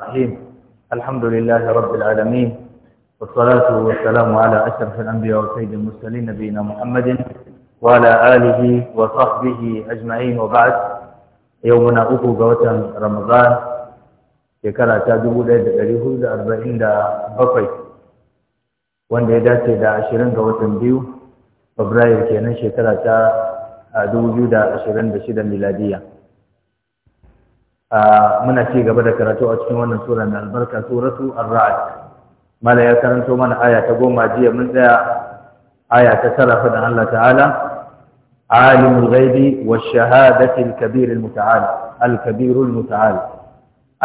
الرحيم الحمد لله رب العالمين والصلاة والسلام على أشرف الأنبياء وسيد المرسلين نبينا محمد وعلى آله وصحبه أجمعين وبعد يومنا أخو قوتا رمضان شكرا تادو ليد اليهود أربعين دا بقي وان داتي دا عشرين قوتا ديو فبراير كينا شكرا تا دوجو دا عشرين بشدة ميلادية muna ci gaba da karatu a cikin wannan sura na albarka suratu ar-ra'd mala ya karanto mana aya ta goma jiya mun tsaya aya ta tara da Allah ta'ala alimul ghaibi wash-shahadati al-kabir al-muta'al al-kabir al-muta'al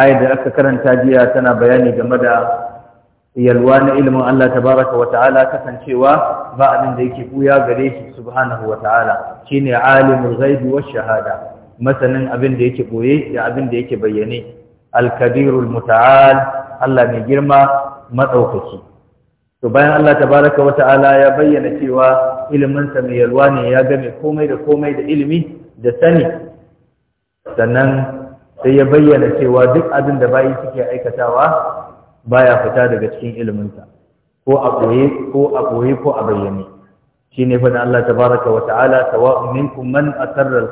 aya da aka karanta jiya tana bayani game da yalwa na ilimin Allah tabaraka wa ta'ala kasancewa ba abin da yake buya gare shi subhanahu wa ta'ala shine alimul ghaibi wash-shahada masanin abin da yake boye da abin da yake bayyane Alkabirul muta'al Allah mai girma madaukaki to bayan Allah tabaraka wa ta'ala ya bayyana cewa ilimin sa mai yalwa ne ya game komai da komai da ilimi da sani sannan sai ya bayyana cewa duk abin da bayi suke aikatawa baya fita daga cikin ilimin sa ko a boye ko a boye ko a bayyane shine fa da Allah tabaraka wa ta'ala sawa'un minkum man asarra al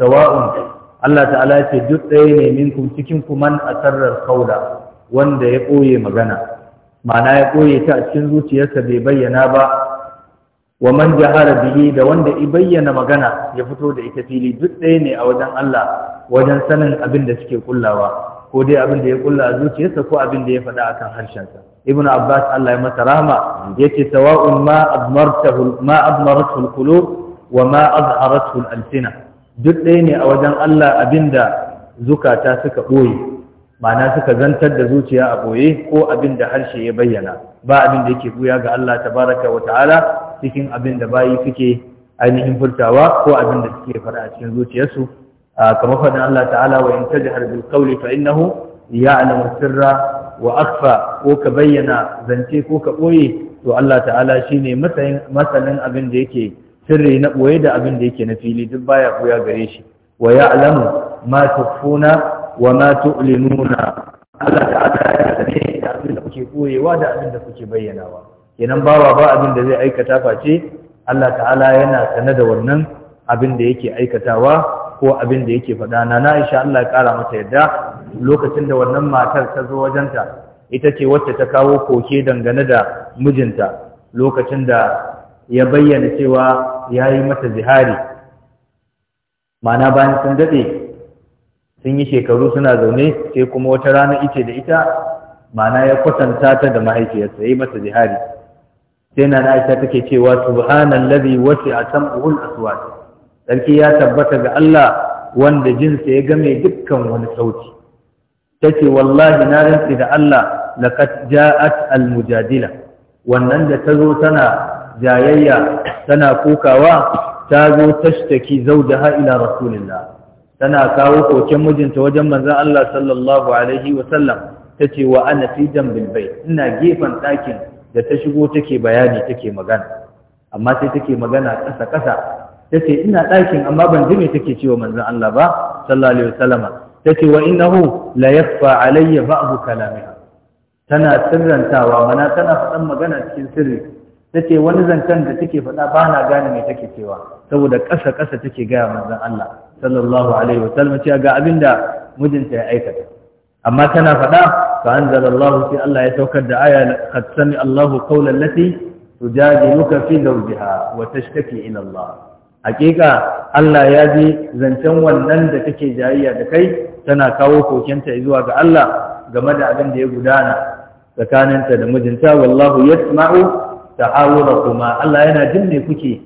sawa'un Allah ta'ala ya ce duk ɗaya ne minkum cikin kuman a asarrar kaula wanda ya ɓoye magana ma'ana ya ɓoye ta a cikin zuciyarsa bai bayyana ba wa man jahara bihi da wanda i bayyana magana ya fito da ita fili duk ɗaya ne a wajen Allah wajen sanin abin da suke kullawa ko dai abin da ya kulla a zuciyarsa ko abin da ya faɗa akan harshensa ibnu abbas Allah ya masa rahma yace sawa'un ma abmartahu ma abmarathu qulub wa ma al duk ɗaya ne a wajen Allah abinda zukata suka ɓoye ma'ana suka zantar da zuciya a ɓoye ko abin harshe ya bayyana ba abinda da yake buya ga Allah tabaraka wa ta'ala cikin abinda da bayi suke ainihin furtawa ko abinda da suke faɗa a cikin zuciyarsu kamar faɗin Allah ta'ala wa in tajhar bil qawli fa innahu ya'lamu sirra wa akhfa ko ka bayyana zance ko ka ɓoye to Allah ta'ala shine masanin abin da yake sirri na ɓoye da abin da yake na fili duk baya koya gare shi wa alamu ma funa wa ma tu'linuna Allah ta'ala ya sani da abin da kuke koyewa da abin da kuke bayyanawa kenan bawa ba abin da zai aikata face Allah ta'ala yana sane da wannan abin da yake aikatawa ko abin da yake faɗa na na Aisha Allah ya ƙara mata yadda lokacin da wannan matar ta zo wajenta ita ce wacce ta kawo koke dangane da mijinta lokacin da ya bayyana cewa ya yi mata zihari mana bayan sun daɗe sun yi shekaru suna zaune sai kuma wata rana ice da ita mana ya kwatanta ta da mahaifiyarsa ya yi mata zihari sai na Aisha take cewa subhanallazi wasi'a sam'ul aswat sarki ya tabbata ga Allah wanda jinsa ya game dukkan wani sauti tace wallahi na rantsi da Allah laqad ja'at almujadila wannan da ta zo tana jayayya tana kukawa ta zo tashtaki da ha'ila rasulillah tana kawo koken mijinta wajen manzon Allah sallallahu alaihi wa sallam tace wa ana fi jambil bayt ina gefen ɗakin da ta shigo take bayani take magana amma sai take magana ƙasa ƙasa Ta ce ina ɗakin amma ban ji me take cewa manzon Allah ba sallallahu alaihi wa sallama tace wa innahu la yakhfa alayya ba'd kalamiha tana sirrantawa mana tana faɗan magana cikin sirri ta ce wani zancen da take faɗa ba na gane mai take cewa saboda ƙasa ƙasa take gaya manzan Allah sallallahu alaihi wa sallam cewa ga abin da mijinta ya aikata amma tana faɗa fa anzalallahu sai Allah ya saukar da aya qad sami Allahu qawlan lati tujadiluka fi zawjiha wa tashtaki ila Allah hakika Allah ya ji zancen wannan da take jayayya da kai tana kawo kokenta zuwa ga Allah game da abin da ya gudana tsakaninta da mijinta wallahu yasma'u ta'awura kuma Allah yana jin me kuke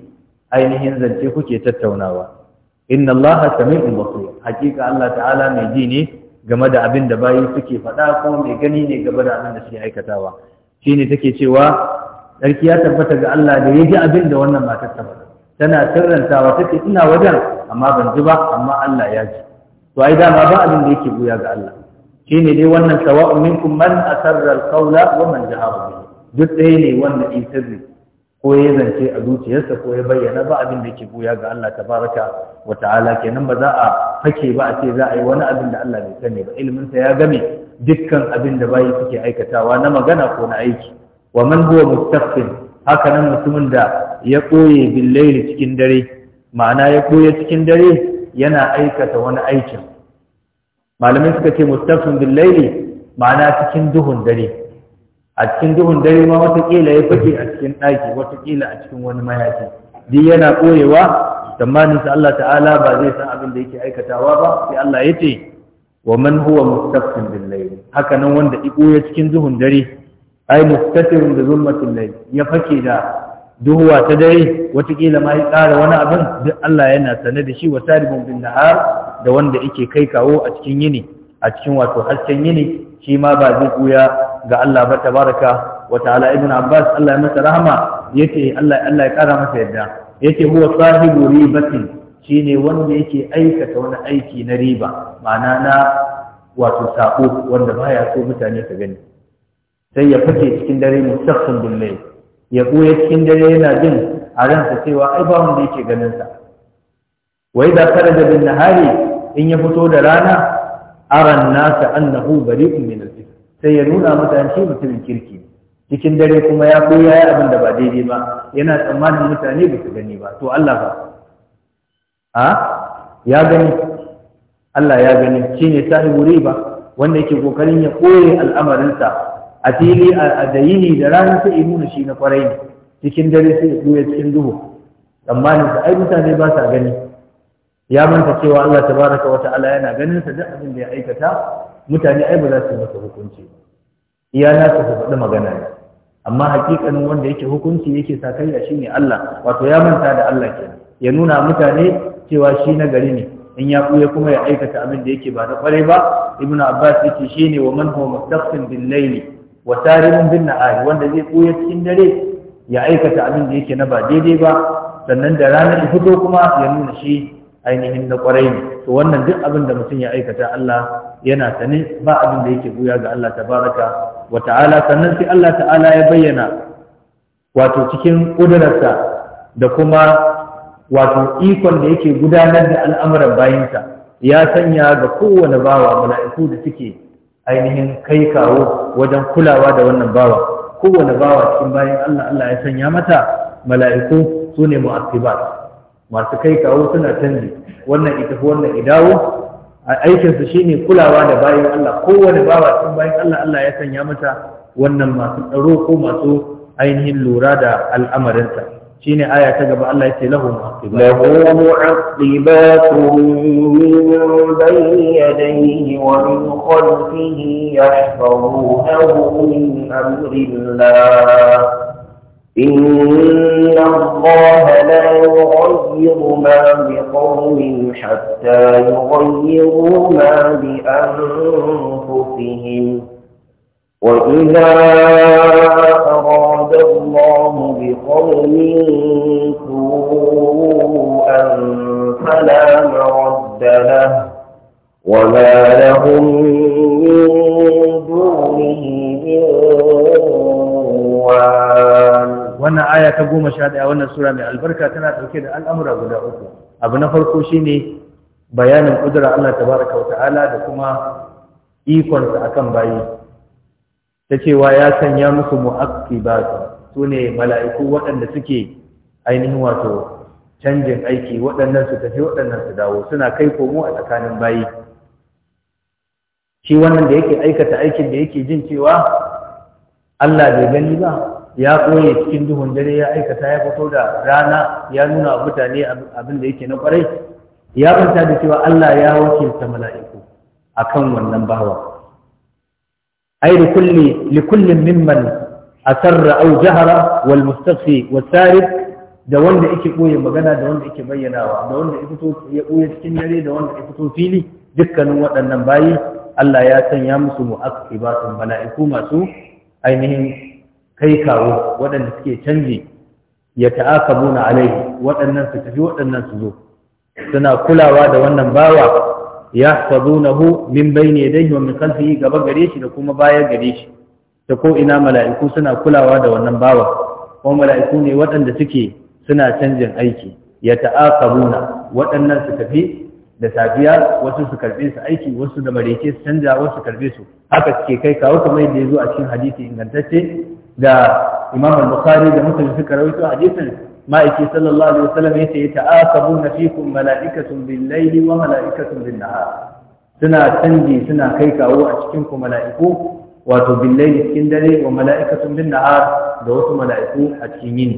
ainihin zance kuke tattaunawa inna Allah sami'un basir hakika Allah ta'ala mai ji ne game da abin da bayi suke faɗa ko mai gani ne game da abin da suke aikatawa shine take cewa sarki ya tabbata ga Allah da ya ji abin da wannan matar ta faɗa tana sirrantawa take ina wajen amma ban ji ba amma Allah ya ji to ai dama ba abin da yake buya ga Allah shine dai wannan sawa'un minkum man asarra al-qawla wa man jahara bihi duk ɗaya ne wanda in sirri ko ya zance a zuciyarsa ko ya bayyana ba abin da ke goya ga Allah ta baraka wa ta'ala kenan ba za a fake ba a ce za a yi wani abin da Allah bai sani ba ilimin sa ya game dukkan abin da bayi suke aikatawa na magana ko na aiki wa man huwa mustaqbil haka nan mutumin da ya koye billaili cikin dare ma'ana ya koye cikin dare yana aikata wani aikin malamai suka ce mustaqbil billaili ma'ana cikin duhun dare a cikin duhun dare ma watakila ya fake a cikin ɗaki watakila a cikin wani mayaki. duk yana ɓoyewa, tsammanin sa Allah ta'ala ba zai san abin da yake aikatawa ba sai Allah ya ce wa man huwa mustaqbil bil layl haka nan wanda iko ya cikin duhun dare ai mustatirun bi zulmatil layl ya fake da duhuwa ta dare watakila ma ya ƙara wani abin duk Allah yana sane da shi wa saribun bin nahar da wanda yake kai kawo a cikin yini a cikin wato hasken yini shi ma ba zai buya ga Allah ba tabaraka wa ta'ala ibn Abbas Allah ya masa rahama yace Allah Allah ya kara masa yadda yace huwa sahibu ribatin shine wanda yake aikata wani aiki na riba ma'ana na wato sako wanda baya so mutane su gani sai ya fice cikin dare mustaqbil billahi ya buya cikin dare yana jin a ransa cewa ai ba wanda yake ganin sa wai da kada bin nahari in ya fito da rana aran nasa annahu bari'un min al-ithm sai ya nuna mutane shi mutumin kirki cikin dare kuma ya koya ya abin da ba daidai ba yana tsammanin mutane ba su gani ba to Allah ba a ya gani Allah ya gani shine sahibu riba wanda yake kokarin ya koye al'amarinsa a fili a dayini da ranar sai nuna shi na kwarai cikin dare sai ya cikin duhu tsammanin sa ai mutane ba sa gani ya manta cewa Allah tabaraka wa ta'ala yana ganin sa duk abin da ya aikata mutane ai ba za su masa hukunci iya na su faɗi magana ne amma hakikanin wanda yake hukunci yake sakayya shine Allah wato ya manta da Allah ke ya nuna mutane cewa shi na gari ne in ya kuya kuma ya aikata abin da yake ba na kwarai ba ibnu abbas yake shine wa man huwa mustaqim bil layli wa sarimun bin wanda zai kuya cikin dare ya aikata abin da yake na ba daidai ba sannan da ranar ya fito kuma ya nuna shi ainihin na kwarai ne to wannan duk abin da mutum ya aikata Allah yana ne ba abin da yake buya ga Allah tabaraka wa ta'ala sannan sai Allah ta'ala ya bayyana wato cikin ƙudurarsa da kuma wato ikon da yake gudanar da al'amuran bayinsa, ya sanya ga kowane bawa mala'iku da suke ainihin kai kawo wajen kulawa da wannan bawa kowane bawa cikin bayan Allah Allah ya sanya mata mala'iku sune ne masu kai kawo suna canji wannan ita wannan idawo aikinsu shine kulawa da bayan Allah kowane bawa tun bayan Allah Allah ya sanya mata wannan masu tsaro ko masu ainihin lura da al'amarinta shine aya ta gaba Allah yace lahu lahu mu'aqibatun إن الله لا يغير ما بقوم حتى يغيروا ما بأنفسهم وإذا أراد الله بقوم سوءا فلا مرد له وما لهم من wannan aya ta goma sha ɗaya wannan sura mai albarka tana ɗauke da al'amura guda uku abu na farko shine bayanin ƙudura Allah ta wa ta'ala da kuma ikonsa a kan bayi ta cewa ya sanya musu ba su ne mala'iku waɗanda suke ainihin wato canjin aiki waɗannan su tafi waɗannan su dawo suna kai komo a tsakanin bayi shi wannan da yake aikata aikin da yake jin cewa Allah bai gani ba ya ɓoye cikin duhun dare ya aikata ya fito da rana ya nuna wa mutane abin da yake na kwarai ya manta da cewa Allah ya wakilta mala'iku kan wannan bawa ai da kulli li kullin mimman asarra aw jahara wal mustafi was da wanda yake ɓoye magana da wanda yake bayyanawa da wanda ya fito ya cikin dare da wanda ya fito fili dukkanin waɗannan bayi Allah ya sanya musu mu'aqibatun mala'iku masu ainihin kai kawo waɗanda suke canji ya muna alaihi waɗannan su tafi waɗannan su zo suna kulawa da wannan bawa ya hu, min bai ne dai wa min yi gaba gare shi da kuma baya gare shi ta ko ina mala'iku suna kulawa da wannan bawa ko mala'iku ne waɗanda suke suna canjin aiki ya muna waɗannan su tafi da safiya wasu su karbe su aiki wasu da mareke su canja wasu karbe su haka suke kai kawo kamar yadda ya zo a cikin hadisi ingantacce da imam al-bukhari da muslim suka rawaito hadisin ma'aiki sallallahu alaihi wasallam yace ya ta'asabuna fikum mala'ikatun bil-laili wa mala'ikatun bin-nahar suna canji suna kai kawo a cikin ku mala'iku wato bil-laili cikin dare wa mala'ikatun bin-nahar da wasu mala'iku a cikin yini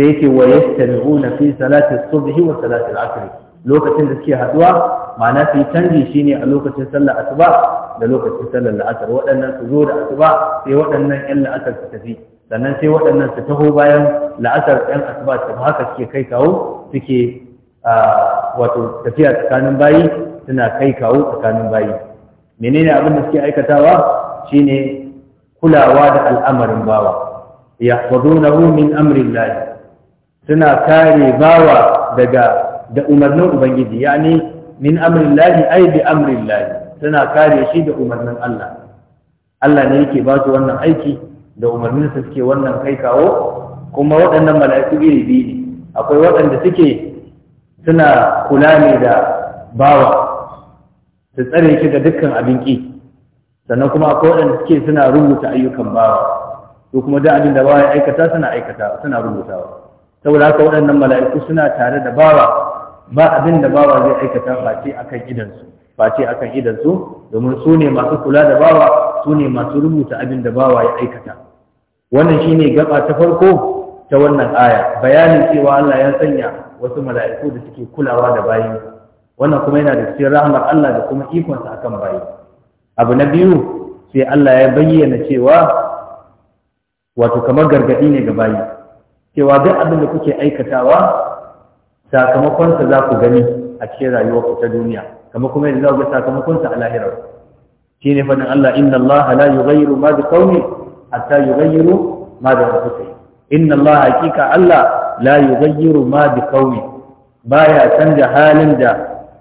sai yake wa yastami'una fi salati as-subhi wa salati al-'asr lokacin da suke haduwa ma'ana su canji shine a lokacin sallar asuba da lokacin sallar la'asar waɗannan su zo da asuba sai waɗannan yan la'asar su tafi sannan sai waɗannan su taho bayan la'asar yan asuba su haka suke kai kawo suke wato tafiya tsakanin bayi suna kai kawo tsakanin bayi menene abin da suke aikatawa shine kulawa da al'amarin bawa yahfazunahu min amri suna kare bawa daga da umarnin ubangiji yani min amrin lahi ai bi amrin lahi suna kare shi da umarnin Allah Allah ne yake ba su wannan aiki da umarnin suke wannan kai kawo kuma waɗannan mala'iku iri biyu ne akwai waɗanda suke suna kula ne da bawa su tsare shi ga dukkan abin ki sannan kuma akwai waɗanda suke suna rubuta ayyukan bawa to kuma da abin da bawa ya aikata suna aikata suna rubutawa saboda haka waɗannan mala'iku suna tare da bawa ba abin da bawa zai aikata face akan idansu face akan idansu domin su ne masu kula da bawa su ne masu rubuta abin da bawa ya aikata wannan shi ne gaba ta farko ta wannan aya bayanin cewa Allah ya sanya wasu mala'iku da suke kulawa da bayi wannan kuma yana da cikin rahmar Allah da kuma ikonsa akan bayi abu na biyu sai Allah ya bayyana cewa wato kamar gargadi ne ga bayi cewa duk abin da kuke aikatawa sakamakonsa za ku gani a cikin rayuwarku ta duniya kama kuma yadda za ku ga sakamakonsa a lahirar shi ne faɗin Allah inna Allah la yughayyiru ma bi qaumin hatta yughayyiru ma bi anfusihim inna Allah hakika Allah la yughayyiru ma bi qaumin baya canja halin da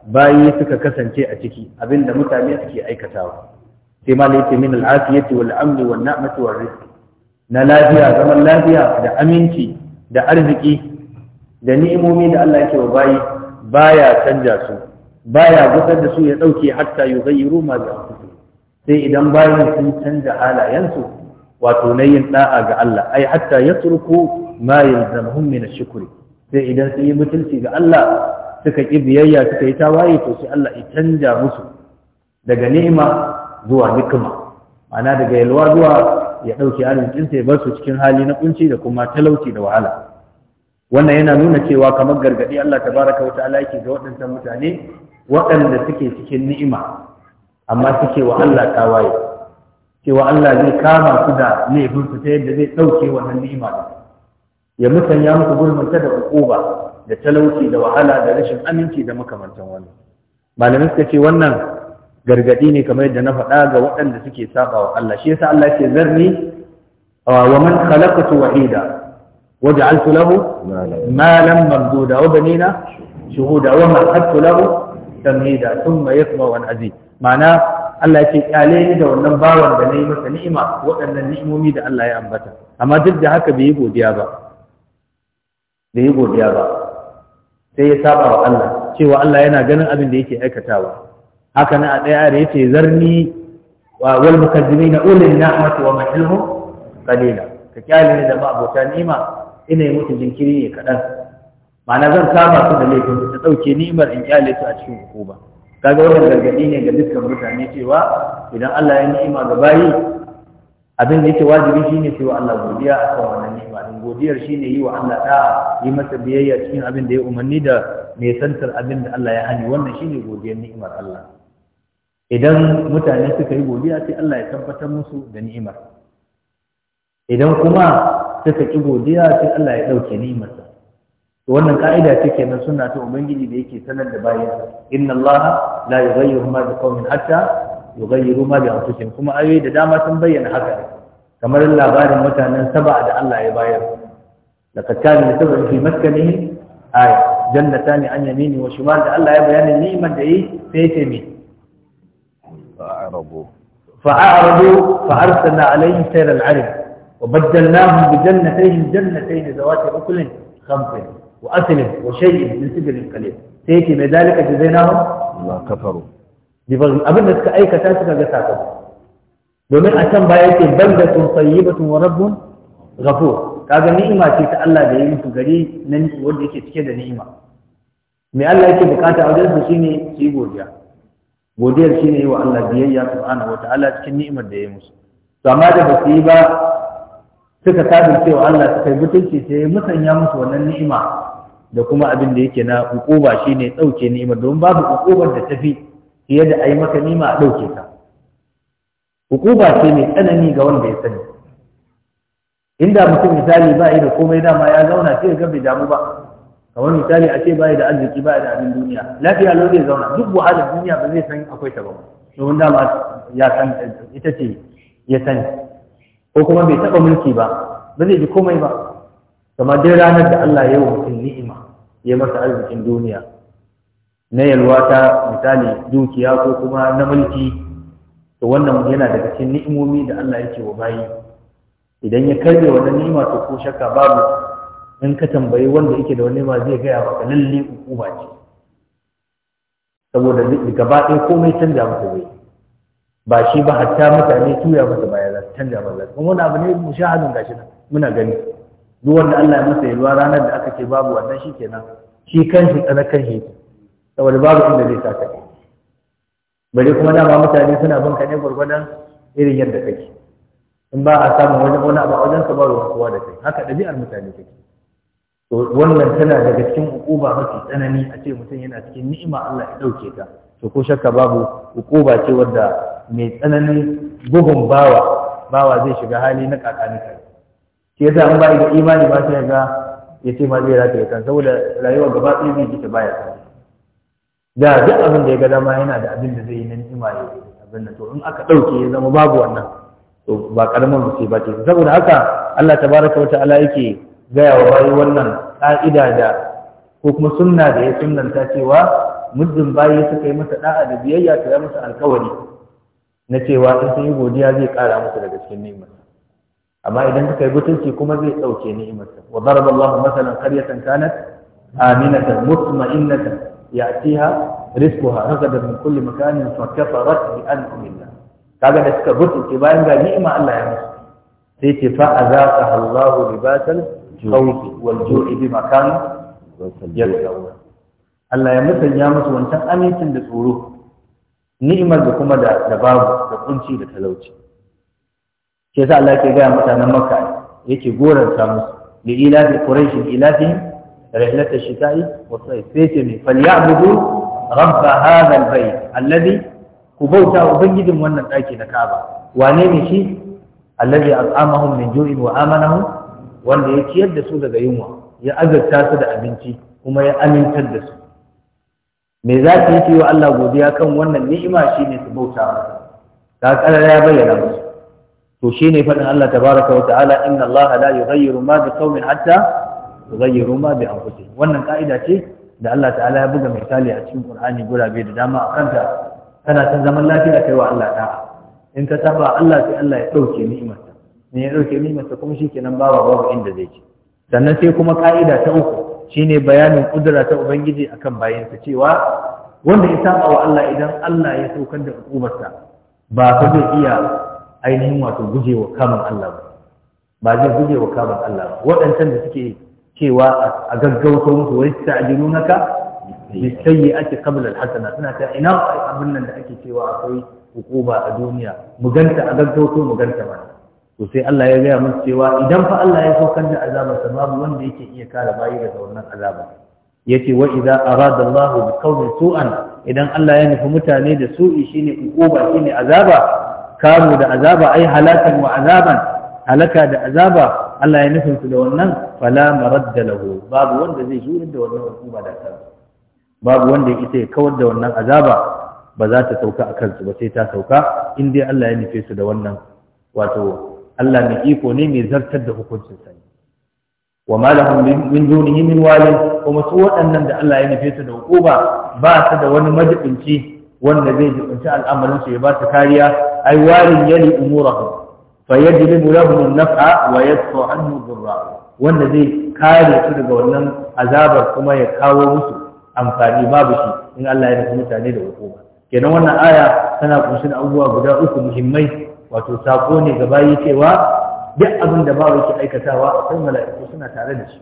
bayi suka kasance a ciki abinda mutane suke aikatawa sai ma laifin min al'afiyati wal amni wan na'mati war rizqi na lafiya zaman lafiya da aminci da arziki da ni'imomi da Allah yake wa bayi baya canja su baya gusar da su ya dauke hatta yughayyiru ma bi sai idan bayan sun canja halayensu wato na yin da'a ga Allah ai hatta yatruku ma yalzamuhum min ash sai idan sun yi mutunci ga Allah suka ki biyayya suka yi tawaye to sai Allah ya canja musu daga ni'ima zuwa nikima ana daga yalwa zuwa ya dauke arzikin sai bar su cikin hali na kunci da kuma talauci da wahala wannan yana nuna cewa kamar gargadi Allah tabaraka wa ta'ala yake ga waɗannan mutane waɗanda suke cikin ni'ima amma suke wa Allah tawaye cewa Allah zai kama su da laifin su ta yadda zai ɗauke wannan ni'ima ya musanya muku gurmanta da ukuba da talauci da wahala da rashin aminci da makamantan wani. malamai suka ce wannan gargadi ne kamar yadda na faɗa ga waɗanda suke saba wa Allah shi yasa Allah ya ce zarni wa man khalaqtu wahida وجعلت له مالا ممدودا وبنينا شهودا ومهدت له تمهيدا ثم يطمع ان ازيد معناه Allah ce kyale ni da wannan bawan da nayi masa ni'ima waɗannan ni'imomi da Allah ya ambata amma duk da haka bai yi godiya ba bai yi godiya ba sai ya saba wa Allah cewa Allah yana ganin abin da yake aikatawa haka na a ɗaya da yace zarni wa wal mukazzibina ulil ni'mati wa mahilhum qalila ka kyale ni da ma abota ni'ima ina yi mutu jinkiri ne kaɗan ma'ana zan saba su da laifin su ta ɗauke ni'imar in kyale su a cikin hukuma kaga wannan gargaɗi ne ga dukkan mutane cewa idan Allah ya ni'ima ga bayi abin da yake wajibi shine sai Allah godiya kan wannan ni'ima din godiyar shine yi wa Allah da yi masa biyayya cikin abin da ya umarni da mai santar abin da Allah ya hani wannan shi ne godiyar ni'imar Allah idan mutane suka yi godiya sai Allah ya tabbatar musu da ni'imar idan kuma ta saki godiya sai Allah ya ɗauke nimarsa to wannan ka'ida ce kenan suna ta ubangiji da yake sanar da bayan inna Allah la yughayyiru ma bi qaumin hatta yughayyiru ma bi anfusihim kuma ayoyi da dama sun bayyana haka kamar labarin mutanen saba da Allah ya bayar laqad kana sab'un fi maskanihi aya jannatani an yamini wa shimal da Allah ya bayyana ni'imar da yi sai ce me fa'arabu fa'arabu fa'arsalna alaihim sayral 'arim وبدلناهم بجنتين جنتين ذوات أكل خمس وأثل وشيء من سجل قليل سيتي بذلك جزيناهم ما كفروا بفضل أبن لك أي كتاسك جساتهم domin a can baya yake baldatun tun wa rabbun ghafur kaga ni'ima ce ta Allah da ya yi musu gari nan wanda yake cike da ni'ima me Allah yake bukata a wajen shi ne, su yi godiya godiyar shi ne yi wa Allah biyayya subhanahu wataala cikin ni'imar da ya yi musu to amma da ba su yi ba suka kafin cewa Allah su yi mutunci sai musanya musu wannan ni'ima da kuma abin da yake na shi ne dauke ni'ima don babu hukubar da tafi fiye da ayi maka ni'ima a ɗauke ka hukuba ce mai tsanani ga wanda ya sani inda mutum misali ba yi da komai dama ya zauna sai ga bai damu ba kamar misali a ce ba da arziki ba da abin duniya lafiya lau zai zauna duk wahalar duniya ba zai san akwai ta ba domin dama ya san ita ce ya sani ko kuma bai taba mulki ba ba zai ji komai ba kama dai ranar da Allah ya yi wa mutum ni'ima ya masa arzikin duniya na yalwa ta misali dukiya ko kuma na mulki to wannan yana daga cikin ni'imomi da Allah yake wa bayi idan ya karbe wannan ni'ima to ko shakka babu in ka tambayi wanda yake da wani ni'ima zai gaya maka lalle ba ce saboda gaba ɗaya komai canja maka bai ba shi ba hatta mutane tuya masa baya za su canja ba Kuma wani abu ne mushahadin gashi nan muna gani duk wanda Allah ya masa yalwa ranar da aka ce babu wannan shi kenan shi kanshi tsana shi yake saboda babu inda zai sa kai bari kuma dama mutane suna bin ka ne gwargwadon irin yadda kake in ba a samun wajen wani abu a wajen ka ba kowa da kai haka ɗabi'ar mutane take to wannan tana daga cikin hukuma mafi tsanani a ce mutum yana cikin ni'ima Allah ya ɗauke ta to ko shakka babu hukuma ce wadda mai tsananin bugun bawa bawa zai shiga hali na kakani kai shi yasa an bai da imani ba sai ga ya ce ma zai ya kan saboda rayuwa gaba ɗaya zai jita baya ta da duk abin da ya ga dama yana da abin da zai yi nan ni'ima abin da to in aka ɗauke ya zama babu wannan to ba karamin mutum ba ce saboda haka Allah tabaraka ala yake gaya wa bayi wannan ka'ida da ko kuma sunna da ya sunnanta cewa muddin bayi suka yi masa da'a da biyayya ta yi masa alkawari na cewa in sun yi godiya zai ƙara musu daga cikin ni'imar amma idan suka yi butulci kuma zai ɗauke ni'imar wa daraba Allahu masalan ya ci aminatan mutma'innatan ya'tiha rizquha da mun kulle makanin fa kafarat bi an'amillah kaga da suka butulci bayan ga ni'ima Allah ya musu sai ce fa azaqaha Allahu libasal khawfi wal ju'i bima kanu yasawun Allah ya musanya musu wancan amincin da tsoro ni'imar da kuma da babu da kunci da talauci Ke yasa Allah ke gaya mutanen Makka yake goranta musu li ilafi quraish ilafi rihlat ash-shita'i wa sayf sai ne falyabudu rabb hadha al-bayt alladhi kubauta ubangijin wannan daki na Kaaba wane ne shi alladhi at'amahum min ju'in wa amanahum wanda ya ciyar da su daga yunwa ya azurta su da abinci kuma ya amintar da su me za su yi ciwo Allah godiya kan wannan ni'ima shi ne su bauta masa ƙarar ya bayyana musu to shi ne faɗin Allah tabaraka wa ta'ala inna Allah la yughayyiru ma bi qaumin hatta yughayyiru ma bi anfusihim wannan ka'ida ce da Allah ta'ala ya buga misali a cikin Qur'ani gurabe da dama a kanta kana san zaman lafiya kai wa Allah ta in ka saba Allah sai Allah ya dauke ni'imarsa ne ya dauke ni'imarsa kuma shikenan bawa babu inda zai ci sannan sai kuma ka'ida ta uku shine bayanin kudura ta ubangiji akan bayansa cewa wanda ya saba wa Allah idan Allah ya saukar da ukubarsa ba fa zai iya ainihin wato gujewa kamun Allah ba ba zai gujewa kamun Allah ba waɗancan da suke cewa a gaggauta musu wai ta'jilunaka ake qabla alhasana suna ta ina abin nan da ake cewa akwai hukuma a duniya mu ganta a gaggauto mu ganta mana to sai Allah ya gaya musu cewa idan fa Allah ya saukar da azaba babu wanda yake iya kare bayi daga wannan azaba yace wa idza arada Allah bi qawli su'an idan Allah ya nufi mutane da su'i shine ukuba shine azaba kamu da azaba ai halakan wa azaban halaka da azaba Allah ya nufi su da wannan fala maradda lahu babu wanda zai jure da wannan ukuba da kansa babu wanda ya kawar da wannan azaba ba za ta sauka a kansu ba sai ta sauka in dai Allah ya nufe su da wannan wato Allah mai iko ne mai zartar da hukuncin sa wa malamin lahum min dunihi min walin kuma su waɗannan da Allah ya nufe su da hukuma ba su da wani majibinci wanda zai jibinci al'amarin su ya ba su kariya ai walin yali umurahum fa yajlibu lahum an-naf'a wa yadfa anhu dhurra wanda zai kare su daga wannan azabar kuma ya kawo musu amfani babu shi in Allah ya nufi mutane da hukuma kenan wannan aya tana kunshe da abubuwa guda uku muhimmai wato sako ne ga bayi cewa duk abin da babu yake aikatawa akwai mala'iku suna tare da shi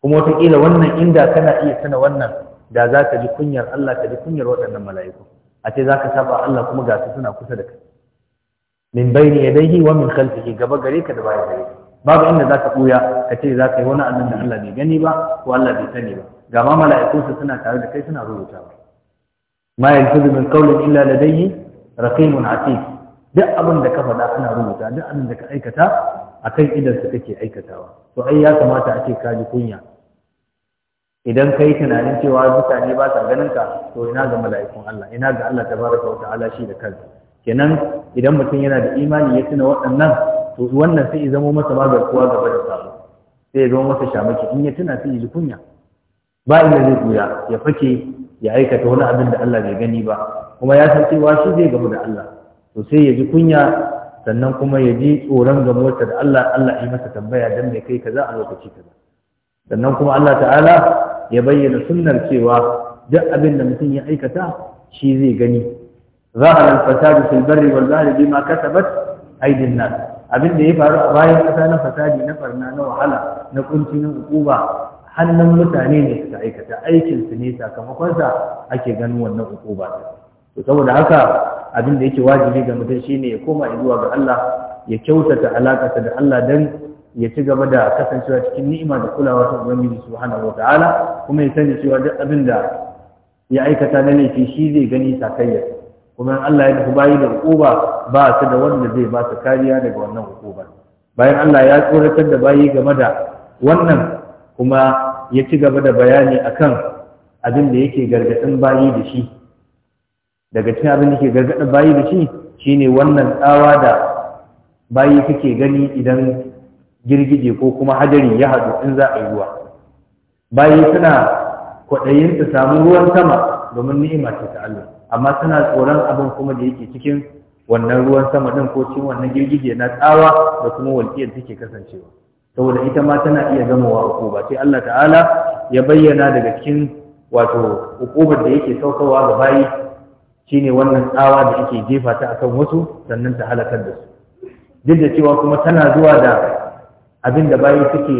kuma wataƙila wannan inda kana iya sana wannan da za ka ji kunyar Allah ka ji kunyar waɗannan mala'iku a ce za ka saba Allah kuma ga su suna kusa da ka. min ya yadayhi wa min khalfihi gaba gare ka da baya gare babu inda za ka ɓuya ka ce za ka yi wani abin da Allah bai gani ba ko Allah bai sani ba ga ma suna tare da kai suna rubuta ba ma yanzu min qawlin illa ladayhi raqimun atid duk abin da ka faɗa ana rubuta duk abin da ka aikata a kan su kake aikatawa to ai ya kamata a ce ka ji kunya idan ka yi tunanin cewa mutane ba sa ganin ka to ina ga mala'ikun Allah ina ga Allah tabaraka wa ta'ala shi da kansa kenan idan mutum yana da imani ya tuna waɗannan to wannan sai ya zama masa magar kowa gaba da sabo sai ya zama masa shamaki in ya tuna sai ya ji kunya ba inda zai buya ya fake ya aikata wani abin da Allah bai gani ba kuma ya san cewa shi zai gamu da Allah to sai ya ji kunya sannan kuma ya ji tsoron mota da Allah Allah masa tambaya dan mai kai kaza a lokaci kaza sannan kuma Allah ta'ala ya bayyana sunnar cewa duk abin da mutum ya aikata shi zai gani zahara al-fasadu fil barri wal bahri bima kasabat aydin nas abin da ya faru a bayan kasa na fasadi na farna na wahala na kunci na hukuma hannun mutane ne suka aikata aikin su ne sakamakonsa ake ganin wannan hukuma to saboda haka abin da yake wajibi ga mutum shine ya koma zuwa ga Allah ya kyautata alakarsa da Allah dan ya ci gaba da kasancewa cikin ni'ima da kulawa ta Ubangiji subhanahu ta'ala kuma ya sani cewa duk abin da ya aikata na laifi shi zai gani sakayya kuma Allah ya tafi bayi da hukuma ba su da wanda zai ba su kariya daga wannan hukuma bayan Allah ya tsoratar da bayi game da wannan kuma ya ci gaba da bayani akan abin da yake gargadin bayi da shi daga cikin abin da ke gargada bayi da shi shine wannan tsawa da bayi kake gani idan girgije ko kuma hadari ya haɗu in za a yi ruwa bayi suna kwaɗayin ta samu ruwan sama domin ni'ima ta Allah amma suna tsoron abin kuma da yake cikin wannan ruwan sama ɗin ko cikin wannan girgije na tsawa da kuma walƙiyar take kasancewa saboda ita ma tana iya gamawa uku sai Allah ta'ala ya bayyana daga cikin wato hukumar da yake saukawa ga bayi shine wannan tsawa da ake jefa ta akan wasu sannan ta halakar da su duk da cewa kuma tana zuwa da abin da bayi suke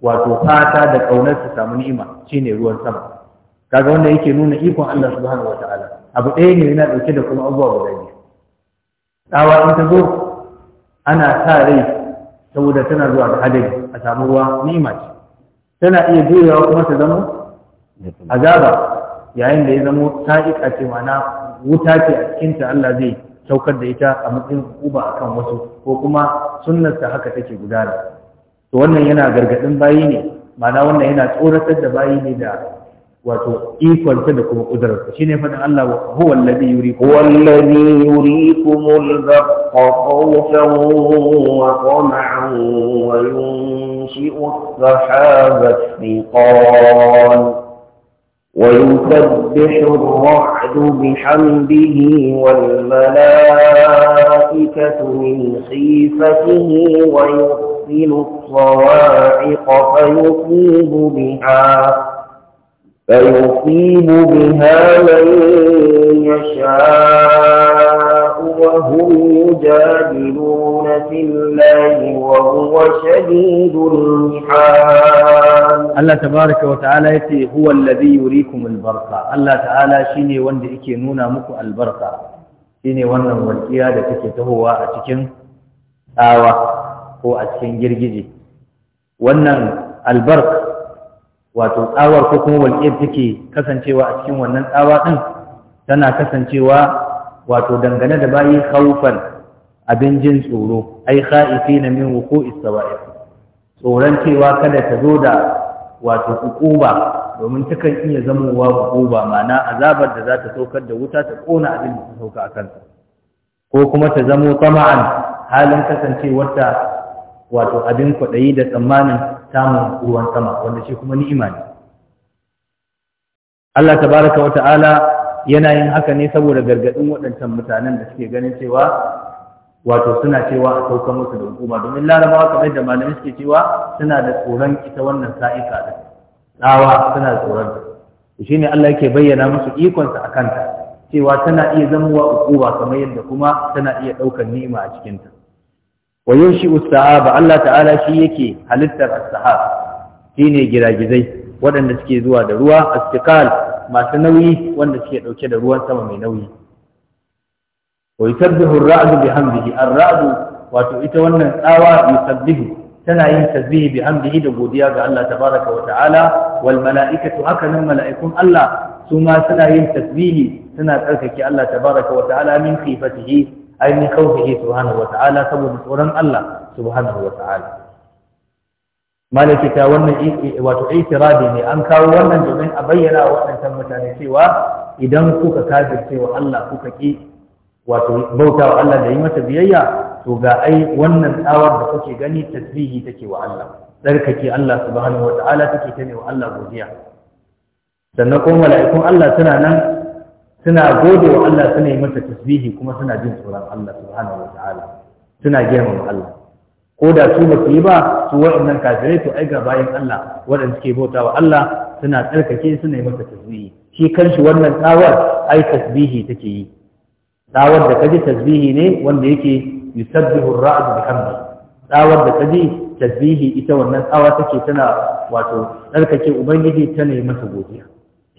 wato fata da kaunar su samu ni'ima shine ruwan sama kaga wanda yake nuna ikon Allah subhanahu wataala abu ɗaya ne yana ɗauke da kuma abubuwa guda biyu tsawa in ta zo ana sa rai saboda tana zuwa da hadari a samu ruwa ni'ima ce tana iya juyawa kuma ta zama azaba yayin da ya zamo sa'iqa ce mana wuta ce a cikin ta Allah zai saukar da ita a matsayin uba akan wasu ko kuma sunnar haka take gudana to wannan yana gargaɗin bayi ne ma'ana wannan yana tsoratar da bayi ne da wato ikonta da kuma Shi ne faɗin Allah huwa alladhi yuriku huwa alladhi yurikumul barqa khawfan wa tama'an wa yunshi'u sahaba thiqan ويسبح الرعد بحمده والملائكة من خيفته ويرسل الصواعق فيصيب بها فيصيب بها من يشاء وهم يجادلون في الله وهو شديد المحال الله تبارك وتعالى يتي هو الذي يريكم البركة الله تعالى شيني وند إكي نونا مكو البركة شيني وند والقيادة تكي تهوى أتكن آوى هو أتكن جرجدي وند البركة wato tsawar ko kuma walƙiyar take kasancewa a cikin wannan tsawa ɗin tana kasancewa wato dangane da bayi khawfan abin jin tsoro ai khaifina min wuqu'i sawa'iq tsoron cewa kada ta zo da wato hukuma domin takan iya zamowa hukuma mana azabar da za ta saukar da wuta ta kona abin da ta sauka a kansa ko kuma ta zamo tama'an halin wata wato abin kwaɗayi da tsammanin samun ruwan sama wanda shi kuma ni'ima ne Allah tabaraka wa ta'ala yana yin haka ne saboda gargaɗin waɗancan mutanen da suke ganin cewa wato suna cewa a sauka musu da hukuma domin larabawa kamar da malamai suke cewa suna da tsoron ita wannan sa'ika da tsawa suna tsoron ta shi ne Allah yake bayyana musu ikonsa a kanta cewa tana iya zamowa hukuma kamar yadda kuma tana iya ɗaukar ni'ima a cikinta wa yushi ba Allah ta'ala shi yake halittar as-sahab shine giragizai waɗanda suke zuwa da ruwa astikal masu nauyi wanda suke ɗauke da ruwan sama mai nauyi wa yusabbihu ar bi bihamdihi ar wato ita wannan tsawa yusabbihu tana yin tasbihi hamdihi da godiya ga Allah tabaraka wa ta'ala wal mala'ikatu haka nan mala'ikun Allah su ma suna yin tasbihi suna tsarkake Allah tabaraka wa ta'ala min khifatihi ainihin min khawfihi subhanahu wa ta'ala saboda tsoron Allah subhanahu wa ta'ala malaki ta wannan wato itirabi ne an kawo wannan domin a bayyana wa waɗancan mutane cewa idan kuka kafirce wa Allah kuka ki wato bauta wa Allah da yi masa biyayya to ga ai wannan tsawar da kuke gani tasbihi take wa Allah tsarkake Allah subhanahu wa ta'ala take ta ne wa Allah godiya sannan kuma mala'ikun Allah suna nan suna gode wa Allah suna yi mata tasbihi kuma suna jin tsoron Allah subhanahu wa ta'ala suna girmama Allah ko da su ba su yi ba su waɗannan kafirai to ai ga bayan Allah waɗanda suke bauta wa Allah suna tsarkake suna yi masa tasbihi shi kanshi wannan tsawar ai tasbihi take yi tsawar da kaji tasbihi ne wanda yake yusabbihu ar-ra'd bihamdi tsawar da kaji tasbihi ita wannan tsawa take tana wato tsarkake ubangiji ta ne masa godiya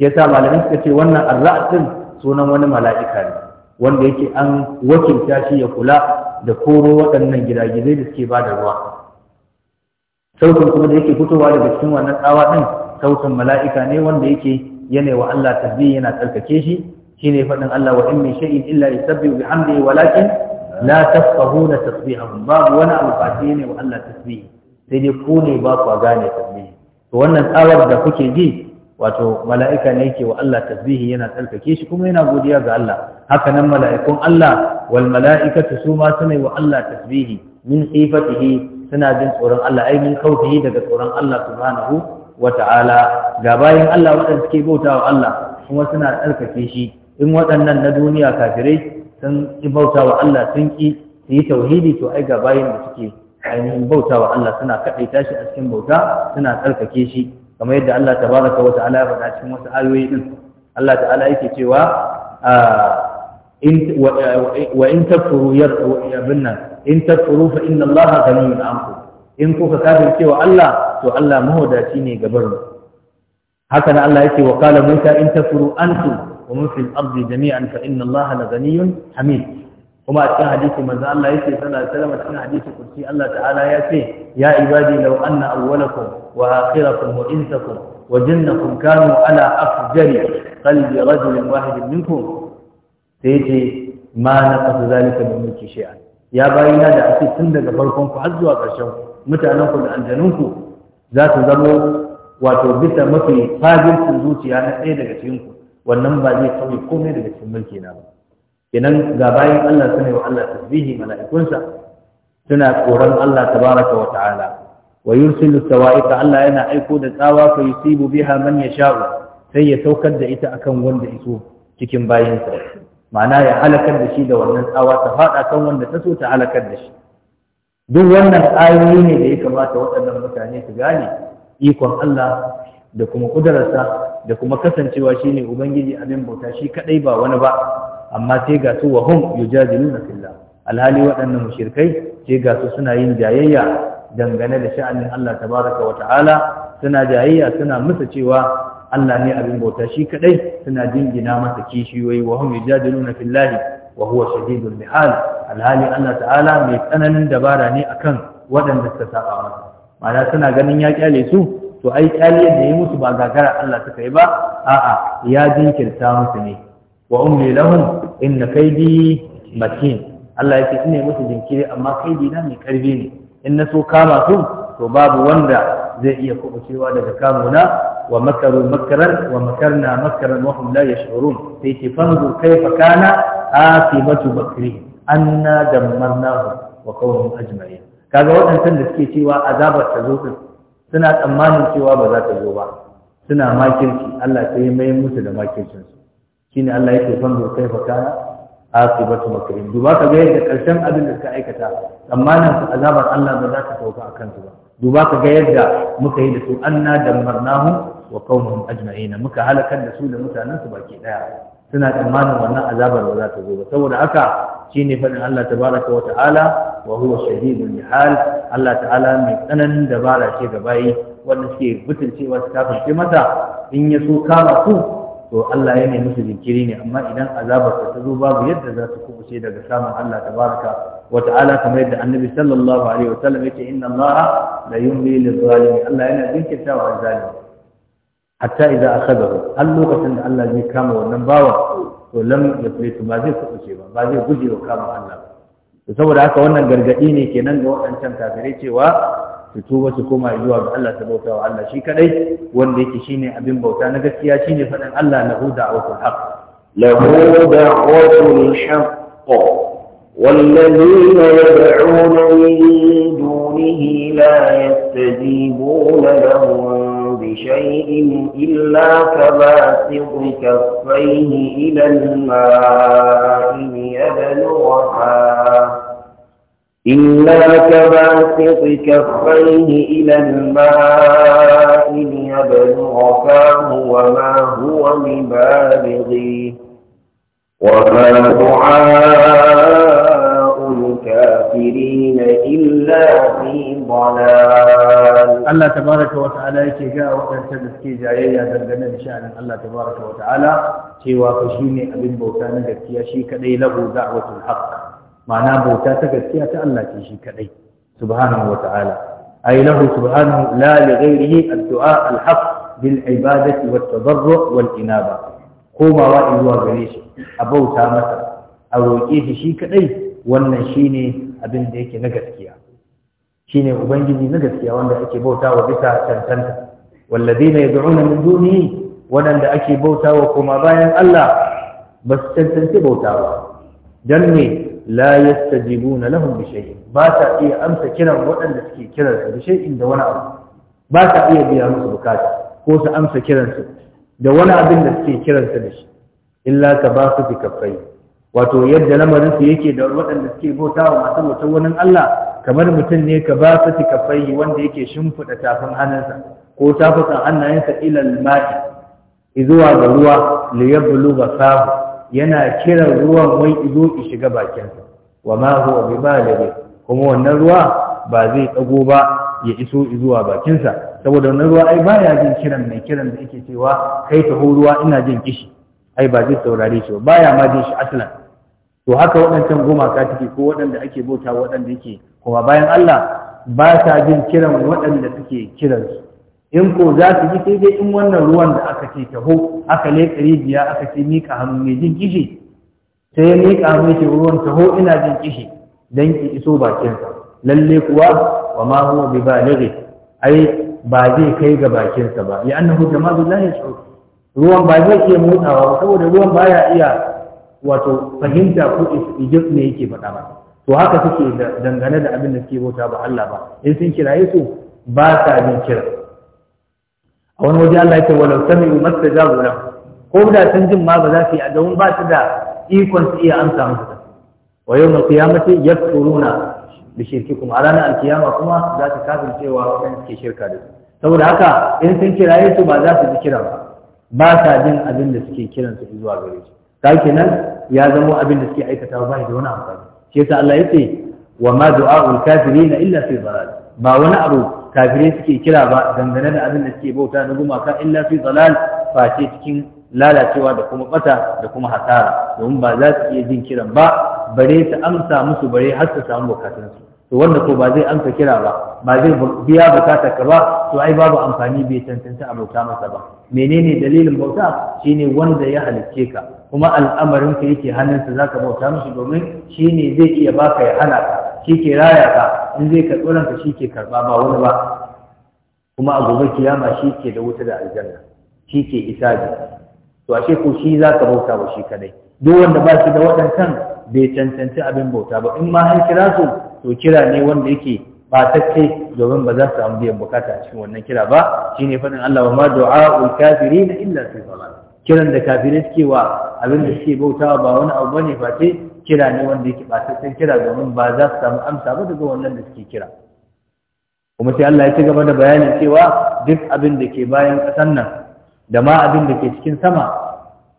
shi yasa malamin suka ce wannan ar-ra'd sunan wani mala'ika ne wanda yake an wakilta shi ya kula da koro waɗannan gidagizai da suke ba da ruwa sautin kuma da yake fitowa daga cikin wannan tsawa ɗin sautin mala'ika ne wanda yake yanayi wa Allah tasbihi yana tsarkake shi shi ne faɗin Allah wa in mai shay'in illa ya Na bihamdihi walakin la na tasbihahum babu wani abu fati ne wa Allah tasbihi. sai dai ku ne ba ku gane to wannan tsawar da kuke ji wato mala'ika ne yake wa Allah tasbihi yana tsarkake shi kuma yana godiya ga Allah haka nan mala'ikun Allah wal ta su ma suna wa Allah tasbihi min sifatihi suna jin tsoron Allah ai min kaufihi daga tsoron Allah subhanahu wa ta'ala ga bayan Allah waɗanda suke wa Allah kuma suna tsarkake shi in waɗannan na duniya kafirai sun ki bautawa Allah sun ki su yi tauhidi to ai ga bayan da suke ainihin bautawa Allah suna kaɗaita shi a cikin bauta suna tsarkake shi kamar yadda Allah tabaraka wa ta'ala ya faɗa cikin wasu ayoyi din Allah ta'ala yake cewa ah, wa in takfuru yabin nan in takfuru fa inna Allah ghaniyun ankum in kuka kafin cewa Allah to Allah mahodaci ne gabar mu haka nan Allah yake wa qala Musa in takfuru antum wa man fil ardi jami'an fa inna Allah la ghaniyyun hamid kuma a cikin hadisi manzo Allah yake sallallahu alaihi wasallam cikin hadisi kursi Allah ta'ala ya ce ya ibadi law anna awwalakum wa akhirakum wa insakum wa jinnakum kanu ala afjari qalbi rajulin wahidin minkum sai yace ma naqasu zalika min mulki shay'an ya bayyana da ake tun daga farkon ku har zuwa ƙarshen mutanen ku da aljanun ku za su zamo wato bisa mafi fadin zuciya na ɗaya daga cikin ku wannan ba zai kawai komai daga cikin mulki na ba kenan ga bayan Allah suna wa Allah tasbihi mala'ikunsa suna tsoron Allah tabaraka wa ta'ala wa yursilu sawa'iqa Allah yana aiko da tsawa fa yusibu biha man yasha'u sai ya saukar da ita akan wanda iso cikin bayansa ma'ana ya halakar da shi da wannan tsawa ta faɗa kan wanda ta so ta halakar da shi duk wannan ayoyi ne da ya kamata waɗannan mutane su gane ikon Allah da kuma ƙudurarsa da kuma kasancewa shi ne Ubangiji abin bauta shi kaɗai ba wani ba amma sai ga su wa hum yujadiluna fillah alhali waɗannan mushrikai sai ga su suna yin jayayya dangane da sha'anin Allah baraka wa ta'ala suna jayayya suna musu cewa Allah ne abin bauta shi kadai suna jingina masa kishiyoyi wa hum yujadiluna fillahi wa huwa shadidul mihal alhali Allah ta'ala mai tsananin dabara ne akan waɗanda suka saba masa ma'ana suna ganin ya kyale su to ai kyaliyar da ya musu ba gagara Allah suka yi ba a'a ya jinkirta musu ne wa umli lahum inna kaidi matin Allah yake ina musu jinkiri amma kaidi na mai karfi ne in na so kama su to babu wanda zai iya kubucewa daga kamuna wa makaru makaran wa makarna makaran wa hum la yash'urun sai ce fanzur kaifa kana akibatu bakri anna dammarnahu wa qawmun ajma'in kaga waɗancan da suke cewa azabar ta zo din suna tsammanin cewa ba za ta zo ba suna makirci Allah sai ya mai musu da makircin shine Allah yake son mu kai fa kana asibatu makrin duba ka ga yadda karshen abin da suka aikata tsammanin su azabar Allah ba za ta sauka a kansu ba duba ka ga yadda muka yi da su anna dammarnahu wa qaumhum ajma'ina muka halakar da su da mutanen su baki daya suna tsammanin wannan azabar ba za ta zo ba saboda haka shine faɗin Allah tabaraka wa ta'ala wa huwa shadidul mihal Allah ta'ala mai tsananin dabara ce ga bayi wanda suke mutuncewa su kafin masa in ya so kama su to Allah ya nemi musu jinkiri ne amma idan azabar ta zo babu yadda za su kubuce daga samun Allah tabaraka wa ta'ala kamar yadda annabi sallallahu alaihi wasallam yake inna Allah la yumli lil Allah yana jinkirta wa zalimi hatta idza akhadahu har lokacin da Allah zai kama wannan bawa to lam yaflitu ba zai kubuce ba ba zai guje wa kama Allah ba saboda haka wannan gargadi ne kenan ga waɗancan kafirai cewa su tuba su koma zuwa ga Allah ta bauta wa Allah shi kadai wanda yake shine abin bauta na gaskiya shine faɗin Allah lahu da'watul haqq lahu da'watul haqq والذين يدعون من دونه لا يستجيبون لهم بشيء إلا كباسط كفيه إلى الماء ليبلغ حاه إلا كباسط كفيه إلى الماء ليبلغ فاه وما هو ببالغ وما دعاء الكافرين إلا في ضلال الله تبارك وتعالى يكي جاء وقت تبسكي جاية دردنا بشأن الله تبارك وتعالى شيوا فشيني أبن بوتان لكي لي له دعوة الحق ma'ana bauta ta gaskiya ta Allah ce shi kadai subhanahu wata'ala ay lahu subhanahu la li ghayrihi ad-du'a bil ibadati wat tadarru wal inaba komawa zuwa gare shi a bauta masa a roƙe shi shi kadai wannan shine abin da yake na gaskiya shine ubangiji na gaskiya wanda ake bauta wa bisa tantanta walladheena yad'una min dunihi wadanda ake bautawa kuma bayan Allah ba su tantance bautawa dan ne la yastajibuna lahum bi shay ba ta iya amsa kiran waɗanda suke kiran su bi shay'in da wani abu ba ta iya biya musu bukata ko su amsa kiran su da wani abin da suke kiran su da shi illa ka ba su kaffai wato yadda lamarin su yake da waɗanda suke bautawa masu bautar wani Allah kamar mutum ne ka ba su kaffai wanda yake shimfiɗa tafin hannunsa ko tafukan hannayensa ilal mati? zuwa ga ruwa li yablu ba sahu yana kiran ruwan wai izo ki shiga bakinsa wa ma huwa bi balighi kuma wannan ruwa ba zai tsago ba ya iso zuwa bakinsa saboda wannan ruwa ai baya jin kiran mai kiran da yake cewa kai ta ruwa ina jin kishi ai ba zai saurare shi ba baya ma jin shi aslan to haka waɗancan gumaka take ko waɗanda ake bauta waɗanda yake kuma bayan Allah ba ta jin kiran waɗanda suke kiransu in ko za su ji sai dai in wannan ruwan da aka ce taho aka leƙa rijiya aka ce miƙa hannu mai jin kishi sai ya miƙa hannu ce ruwan taho ina jin kishi dan ki iso bakinsa lalle kuwa wa ma huwa bi balighi ai ba zai kai ga bakinsa ba ya annahu jama'u la yashur ruwan ba zai iya motsawa ba saboda ruwan baya iya wato fahimta ko ijib ne yake faɗa ba to haka suke dangane da abin da suke bauta ba Allah ba in sun kiraye su ba sa jin kira a wani waje Allah ya ce walau sami'u mastajabu lahu ko da sun jin ma ba za su yi a domin ba su da ikon su iya amsa musu wa yau mai kiyamati yakfuruna bi Kuma a ranar alkiyama kuma za su kafircewa waɗanda suke shirka da su saboda haka in sun kiraye su ba za su ji kiran ba ba sa jin abin da suke kiran su zuwa gare su kenan ya zama abin da suke aikata ba da wani amfani shi yasa Allah ce wa ma du'a'ul na illa fi dhalal ba wani abu kafirai suke kira ba dangane da abin da suke bauta na gumaka illa fi dalal face cikin lalacewa da kuma bata da kuma hasara domin ba za su iya jin kiran ba bare ta amsa musu bare har su samu bukatunsu to wanda ko ba zai amsa kira ba ba zai biya bukatar ka ba to ai babu amfani bai tantance a bauta masa ba menene dalilin bauta shine wanda ya halicce ka kuma al'amarin ka yake hannunsa zaka bauta musu domin shine zai iya baka ya hana ka shi ke raya ka in zai karɓi ranka shi ke karɓa ba wani ba kuma a gobe kiyama shi ke da wuta da aljanna shi ke isa ne to ashe ko shi za ka bauta wa shi kadai duk wanda ba shi da waɗancan bai cancanci abin bauta ba in ma an kira su to kira ne wanda yake ba tacce domin ba za su samu biyan bukata a cikin wannan kira ba shine faɗin Allah wa ma du'a'ul kafirin illa fi dalal kiran da kafirai suke wa abin da suke bautawa ba wani abu bane face kira ne wanda yake sai kira domin ba za su samu amsa ba daga wannan da suke kira kuma sai Allah ya ci gaba da bayanin cewa duk abin da ke bayan ƙasan nan da ma abin da ke cikin sama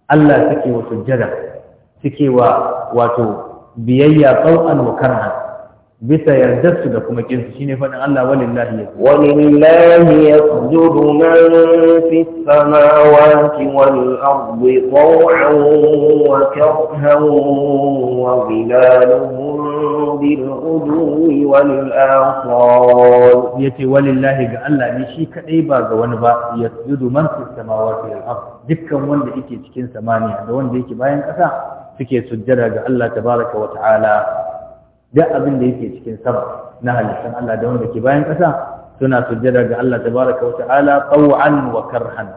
Allah suke wa sujjada suke wa wato biyayya tsau'an wa karhan bisa yardarsu da kuma kinsu shine fadin Allah walillahi ya walillahi yasjudu man fi samawati wal ardi taw'an wa karhan wa zilaluhum bil udwi wal asal yace walillahi ga Allah ne shi kadai ba ga wani ba yasjudu man fi samawati wal ardi dukkan wanda yake cikin samaniya da wanda yake bayan kasa suke sujjada ga Allah tabaraka wa ta'ala duk abin da yake cikin sama na halittun Allah da wanda ke bayan ƙasa suna sujjada ga Allah tabaraka wa ta'ala taw'an wa karhan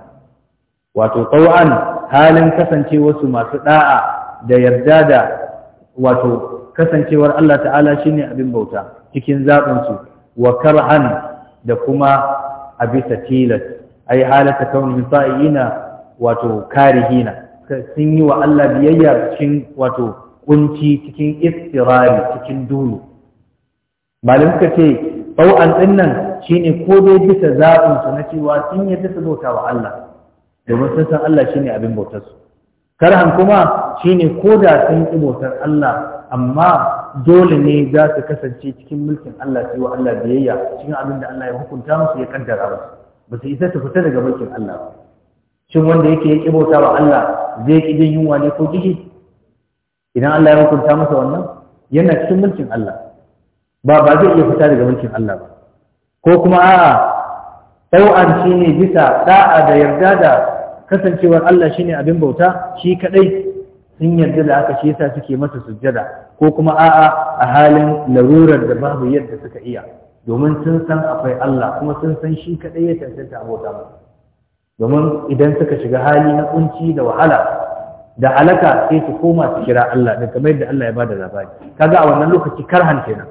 wato taw'an halin kasancewar su masu da'a da yarda da wato kasancewar Allah ta'ala shine abin bauta cikin zaɓin su wa karhan da kuma a bisa tilas ai halata kaunin sa'ina wato karihina sun yi wa Allah biyayya cikin wato kunci cikin istirari cikin Dulu. malam suka ce bau'an din nan ne ko dai bisa zaɓinsu na cewa sun yi su bauta wa Allah domin sun san Allah shine abin bautar su karhan kuma shine ko da sun yi bautar Allah amma dole ne za su kasance cikin mulkin Allah su yi wa Allah biyayya cikin abin da Allah ya hukunta musu ya kaddara musu ba su isa su fita daga mulkin Allah ba shin wanda yake ya ƙi bauta wa Allah zai ƙi jin yunwa ne ko jiki? idan Allah ya hukunta masa wannan yana cikin mulkin Allah ba ba zai iya fita daga mulkin Allah ba ko kuma a'a shi ne bisa da'a da yarda da kasancewar Allah shine abin bauta shi kadai sun yarda da aka shi yasa suke masa sujjada ko kuma a'a a halin larurar da babu yadda suka iya domin sun san akwai Allah kuma sun san shi kadai ya tantance abota domin idan suka shiga hali na kunci da wahala da alaka sai su koma su kira Allah da kamar yadda Allah ya bada labari kaga a wannan lokaci karhan kenan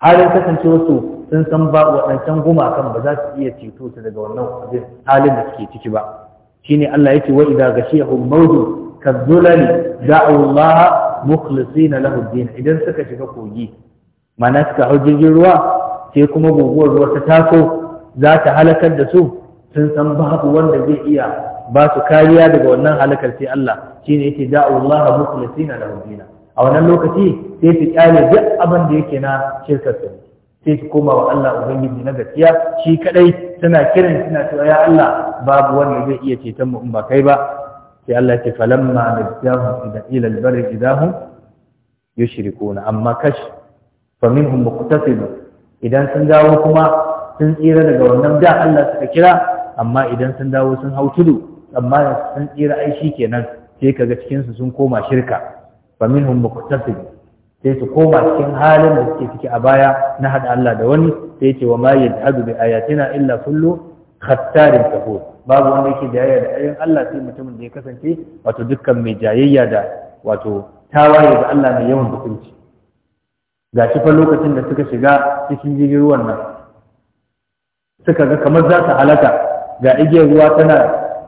halin kasance wasu sun san ba waɗancan gumakan ba za su iya ceto su daga wannan halin da suke ciki ba shine Allah yake wa idza ghashiyahum mawjud kadhulali da'u Allah mukhlisina lahu Lahudina idan suka shiga kogi mana suka hau jirgin ruwa sai kuma guguwar ruwa ta taso za ta halakar da su sun san babu wanda zai iya ba su kariya daga wannan halakar sai Allah shine yake da'u Allah mukhlisina lahu dinan a wannan lokaci sai su kyale duk abin da yake na shirkar su sai su koma wa Allah ubangiji na gaskiya shi kadai suna kiran suna cewa ya Allah babu wanda zai iya ceton mu in ba kai ba sai Allah ya ce falamma najahum ila al-barri idahum yushrikuna amma kash faminhum muqtasid idan sun dawo kuma sun tsira daga wannan da Allah suka kira amma idan sun dawo sun hau tudu tsammanin sun tsira ai shi kenan sai kaga cikinsu sun koma shirka fa minhum muqtasid sai su koma cikin halin da suke ciki a baya na hada Allah da wani sai ce wa ma yadhabu bi ayatina illa kullu khattarin kafur babu wanda yake yaya da ayin Allah sai mutumin da ya kasance wato dukkan mai jayayya da wato tawaye ga Allah mai yawan hukunci ga shi fa lokacin da suka shiga cikin jirgin ruwan nan suka ga kamar za su halaka ga igiyar ruwa tana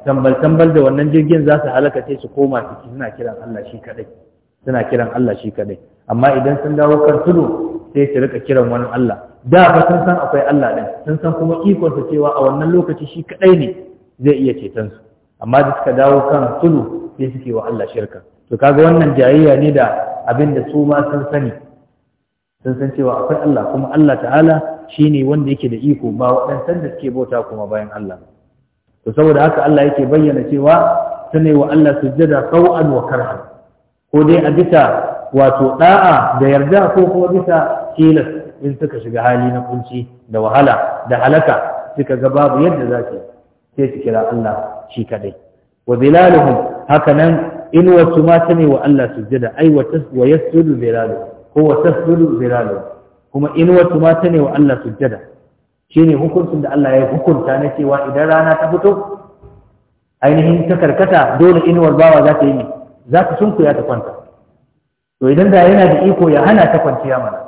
tambal-tambal da wannan jirgin za su halakace su koma ciki suna kiran Allah shi kadai suna kiran Allah shi kadai amma idan sun dawo kan tudu sai su rika kiran wani Allah da ba sun san akwai Allah din sun san kuma ikon su cewa a wannan lokaci shi kadai ne zai iya ceton su amma da suka dawo kan tudu sai suke wa Allah shirka to kaga wannan jayayya ne da abin da su ma sun sani sun san cewa akwai Allah kuma Allah ta'ala shi ne wanda yake da iko ba waɗansan da suke bauta kuma bayan Allah to saboda haka Allah yake bayyana cewa ne wa Allah sujjada sau'an wa karhan ko dai a bisa wato da'a da yarda ko kuma bisa tilas in suka shiga hali na kunci da wahala da halaka suka ga babu yadda za su sai su kira Allah shi kadai wa haka hakanan in wasu ma ta ne wa Allah sujjada ai wa yasjudu zilaluhum ko wa tasjudu zilaluhum kuma in wasu ma ta ne wa Allah sujjada shine hukuncin da Allah ya hukunta na cewa idan rana ta fito ainihin ta karkata dole inuwar bawa za ta yi za ta sunkuya ta kwanta to idan da yana da iko ya hana ta kwanciya mana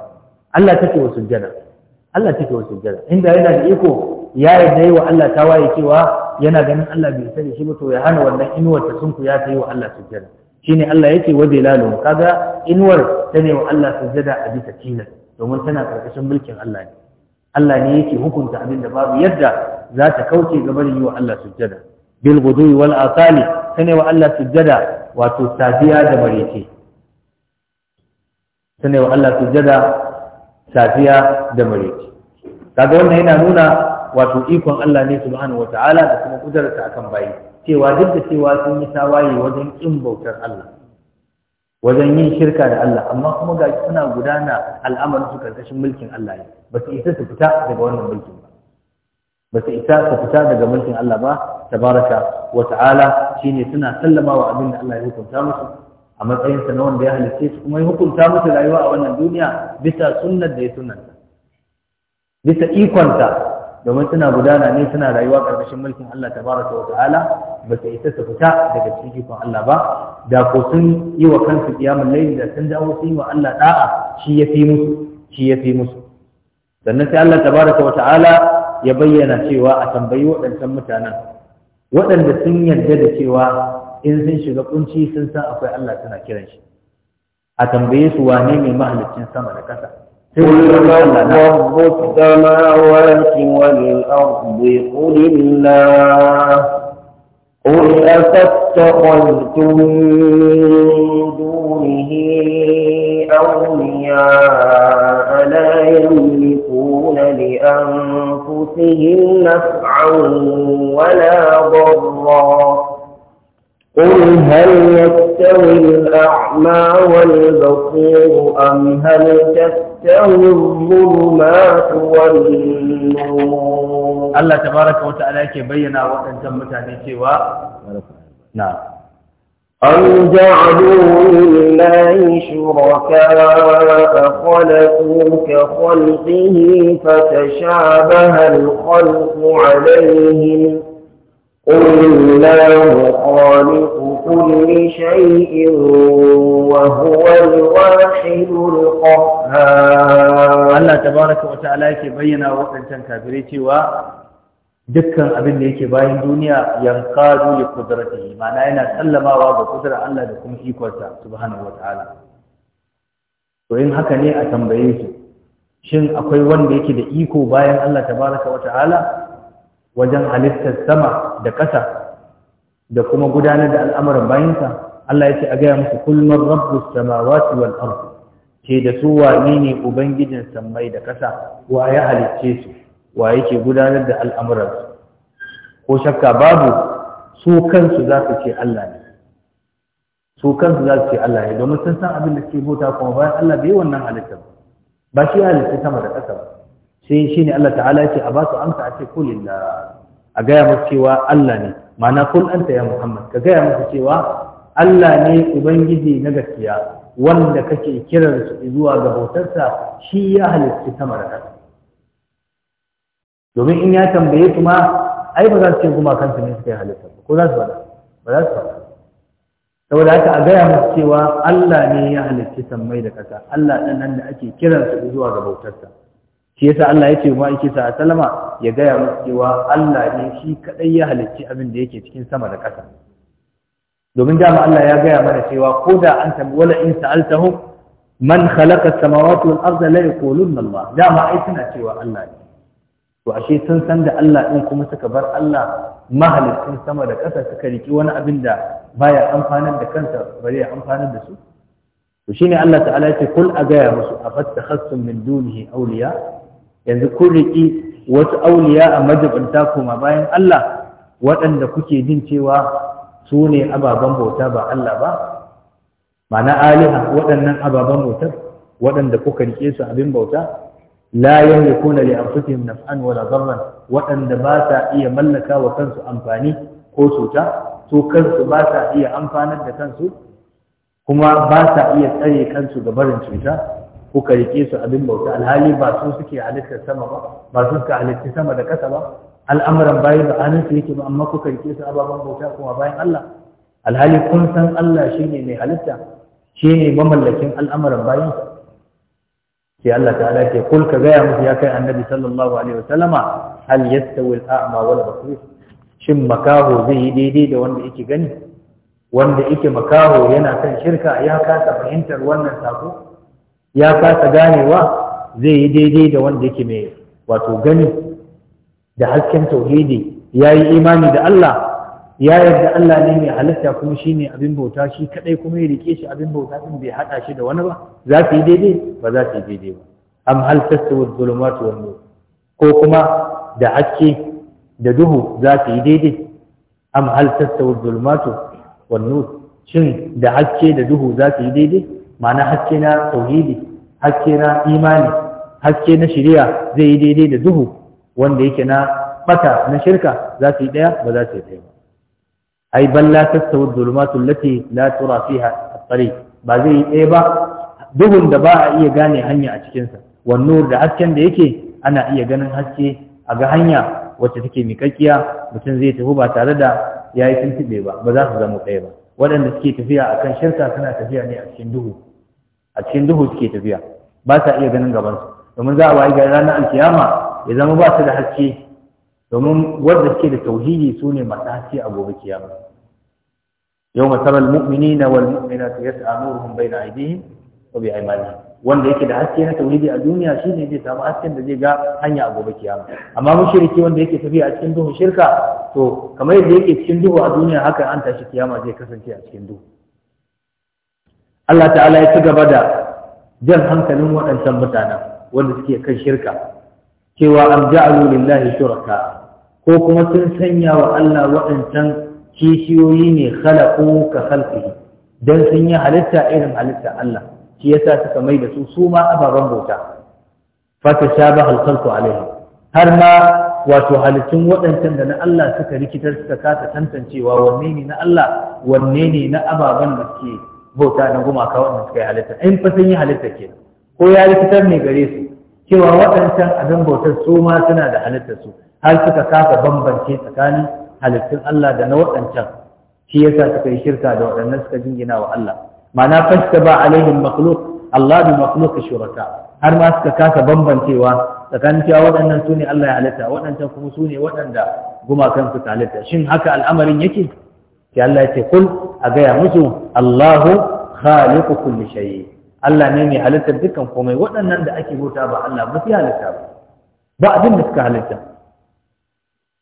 Allah take wa sujjada Allah take wa sujjada inda yana da iko ya yarda yi wa Allah tawaye cewa yana ganin Allah bai sani shi ba to ya hana wannan inuwar ta sunkuya ta yi wa Allah sujjada shine Allah yake wa bilalu kaga inuwar ta ne wa Allah sujjada a bisa tilas domin tana karkashin mulkin Allah ne Allah ne yake hukunta abin da babu yadda za ta kauce gaba da yi wa Allah sujjada bil gudui wal asali sane wa Allah sujjada wato safiya da sane wa Allah sujjada safiya da marece kaga wannan yana nuna wato ikon Allah ne subhanahu wataala da kuma kudarta akan bayi cewa duk da cewa sun yi tawaye wajen kin bautar Allah wajen yin shirka da Allah amma kuma ga suna gudana al'amarin su karkashin mulkin Allah ne ba su isa su fita daga wannan mulkin ba ba su isa su fita daga mulkin Allah ba tabaraka wa ta'ala shine suna sallama wa abin da Allah ya hukunta musu a matsayin sa na wanda ya halicce su kuma ya hukunta musu rayuwa a wannan duniya bisa sunnar da ya sunanta bisa ikonta domin suna gudana ne suna rayuwa ƙarƙashin mulkin Allah tabaraka wa ta'ala ba su isa su fita daga cikin ikon Allah ba da ko sun yi wa kansu laifi da sun dawo sun yi wa Allah da'a shi yafi musu shi musu sannan sai Allah tabaraka wa ta'ala ya bayyana cewa a tambayi waɗancan mutanen waɗanda sun yarda da cewa in sun shiga kunci sun san akwai Allah suna kiran shi a tambaye su wane mai mahaliccin sama da ƙasa قل من رب السماوات والأرض قل الله قل أفاتخذتم من دونه أولياء لا يملكون لأنفسهم نفعا ولا ضرا قل هل يستوي الأعمى والبصير أم هل تستوي الظلمات والنور الله تبارك وتعالى يبين وأن تمت عن سوى نعم أم جعلوا لله شركاء خلقوا كخلقه فتشابه الخلق عليهم قل الله خالق كل شيء وهو الواحد القهار الله تبارك وتعالى yake bayyana wadancan kafirai cewa dukkan abin da yake bayan duniya yankadu kudurta yi, ma'ana yana sallamawa ga kudrar Allah da kuma ikonsa subhanahu ala. to yin haka ne a tambaye su shin akwai wanda yake da iko bayan Allah tabaraka wataala wajen halittar sama da ƙasa da kuma gudanar da al'amuran bayansa Allah ya ce a gaya musu kulmar rabbus samawati wal ard Ke da su wani ne ubangijin sammai da ƙasa wa ya halicce su wa yake gudanar da al'amuran su ko shakka babu su kansu za su ce Allah ne su kansu za su ce Allah ne domin sun san abin da suke bauta kuma bayan Allah bai wannan halittar ba shi halitta sama da ƙasa ba sai shi ne Allah ta'ala ya ce a ba su amsa a ce kulillah a gaya musu cewa Allah ne mana kun anta ya Muhammad ka gaya musu cewa Allah ne ubangiji na gaskiya wanda kake kiran su zuwa ga bautarsa shi ya halitta sama da ƙasa domin in ya tambaye kuma ai ba za su ce kuma kansu ne suka yi halitta ko za su faɗa ba za su faɗa saboda haka a gaya musu cewa Allah ne ya halitta sammai da ƙasa Allah ɗan nan da ake kiran su zuwa ga bautarsa shi yasa Allah ya ce ma yake sa sallama ya gaya musu cewa Allah ne shi kadai ya halicci abin da yake cikin sama da ƙasa domin dama Allah ya gaya mana cewa ko da an tambi wala in sa'altahum man khalaqa as-samawati wal arda la yaqulunna Allah dama ai suna cewa Allah ne to ashe sun san da Allah din kuma suka bar Allah mahalicin sama da ƙasa suka riki wani abin da baya amfanar da kansa bare ya amfanar da su to shine Allah ta'ala ya ce kul a gaya musu afattakhastum min dunihi awliya yanzu kun riƙi wasu auliya a majabanta koma bayan Allah waɗanda kuke jin cewa su ne ababen bauta ba Allah ba mana aliha waɗannan ababen bautar waɗanda kuka riƙe su abin bauta la yamlikuna li anfusihim naf'an wala dharran waɗanda ba sa iya mallaka wa kansu amfani ko cuta su kansu ba sa iya amfanar da kansu kuma ba sa iya tsare kansu ga barin cuta kuka rike su abin bauta alhali ba su suke halittar sama ba ba su suka halitti sama da kasa ba al'amuran bayan da hannun yake ba amma kuka rike su ababen bauta kuma bayan Allah alhali kun san Allah shine mai halitta shine mamallakin al'amuran bayan sai Allah ta'ala ce kul ka gaya musu ya kai annabi sallallahu alaihi wasallama hal yastawi al-a'ma wal basir shin makaho zai yi daidai da wanda yake gani wanda yake makaho yana kan shirka ya kasa fahimtar wannan sako ya kasa ganewa zai yi daidai da wanda yake mai wato gani da hasken tauhidi ya yi imani da Allah ya yarda Allah ne mai halitta kuma shi ne abin bauta shi kadai kuma ya rike shi abin bauta din bai hada shi da wani ba za su yi daidai ba za su yi daidai ba am hal tasawu dhulumatu wa ko kuma da haske da duhu za su yi daidai am hal tasawu dhulumatu wa shin da haske da duhu za su yi daidai ma'ana haske na tauhidi haske na imani haske na shari'a zai yi daidai da duhu wanda yake na bata na shirka za su yi daya ba za su yi daya ba ai balla tastawu dhulumatu lati la tura fiha at-tariq ba zai yi daya ba duhun da ba a iya gane hanya a cikin sa wan nur da hasken da yake ana iya ganin haske a ga hanya wacce take mikakkiya mutum zai tafi ba tare da ya yi tuntuɓe ba ba za su zama ɗaya ba waɗanda suke tafiya akan shirka suna tafiya ne a cikin duhu a cikin duhu suke tafiya ba sa iya ganin gabansu domin za a wayi ga ranar alkiyama ya zama ba su da haske domin wanda suke da tauhidi su ne masu haske a gobe kiyama yau masarar mu'mini na wal mu'mina su yasa nuruhun bai na aidihi ko bai aimani wanda yake da haske na tauhidi a duniya shi ne zai samu hasken da zai ga hanya a gobe kiyama amma mushriki wanda yake tafiya a cikin duhun shirka to kamar yadda yake cikin duhu a duniya haka an tashi kiyama zai kasance a cikin duhu Allah ta'ala ya ci gaba da jan hankalin waɗancan mutanen wanda suke kan shirka cewa an ja'alu lillahi shuraka ko kuma sun sanya wa Allah waɗancan kishiyoyi ne khalaqu ka khalqihi dan sun yi halitta irin halitta Allah shi yasa suka mai da su su ma ababen bauta fa tashabaha al-khalqu alaihi har ma wato halittun waɗancan da na Allah suka rikitar suka kasa tantancewa wanne ne na Allah wanne ne na ababen da suke bauta na gumaka wannan suka yi halitta in fa sun yi halitta ke ko ya rikitar ne gare su cewa waɗancan abin bautar su ma suna da halitta su har suka kasa bambance tsakanin halittun Allah da na waɗancan shi yasa suka yi shirka da waɗannan suka jingina wa Allah ma'ana fasta ba alaihim makhluq Allah bi makhluq shuraka har ma suka kasa bambancewa tsakanin cewa waɗannan su ne Allah ya halitta waɗancan kuma su ne waɗanda gumakan suka halitta shin haka al'amarin yake sai Allah ya ce kul a gaya musu Allahu khaliqu kulli shay Allah ne mai halittar dukkan komai waɗannan da ake bauta ba Allah ba su halitta ba ba abin da suka halitta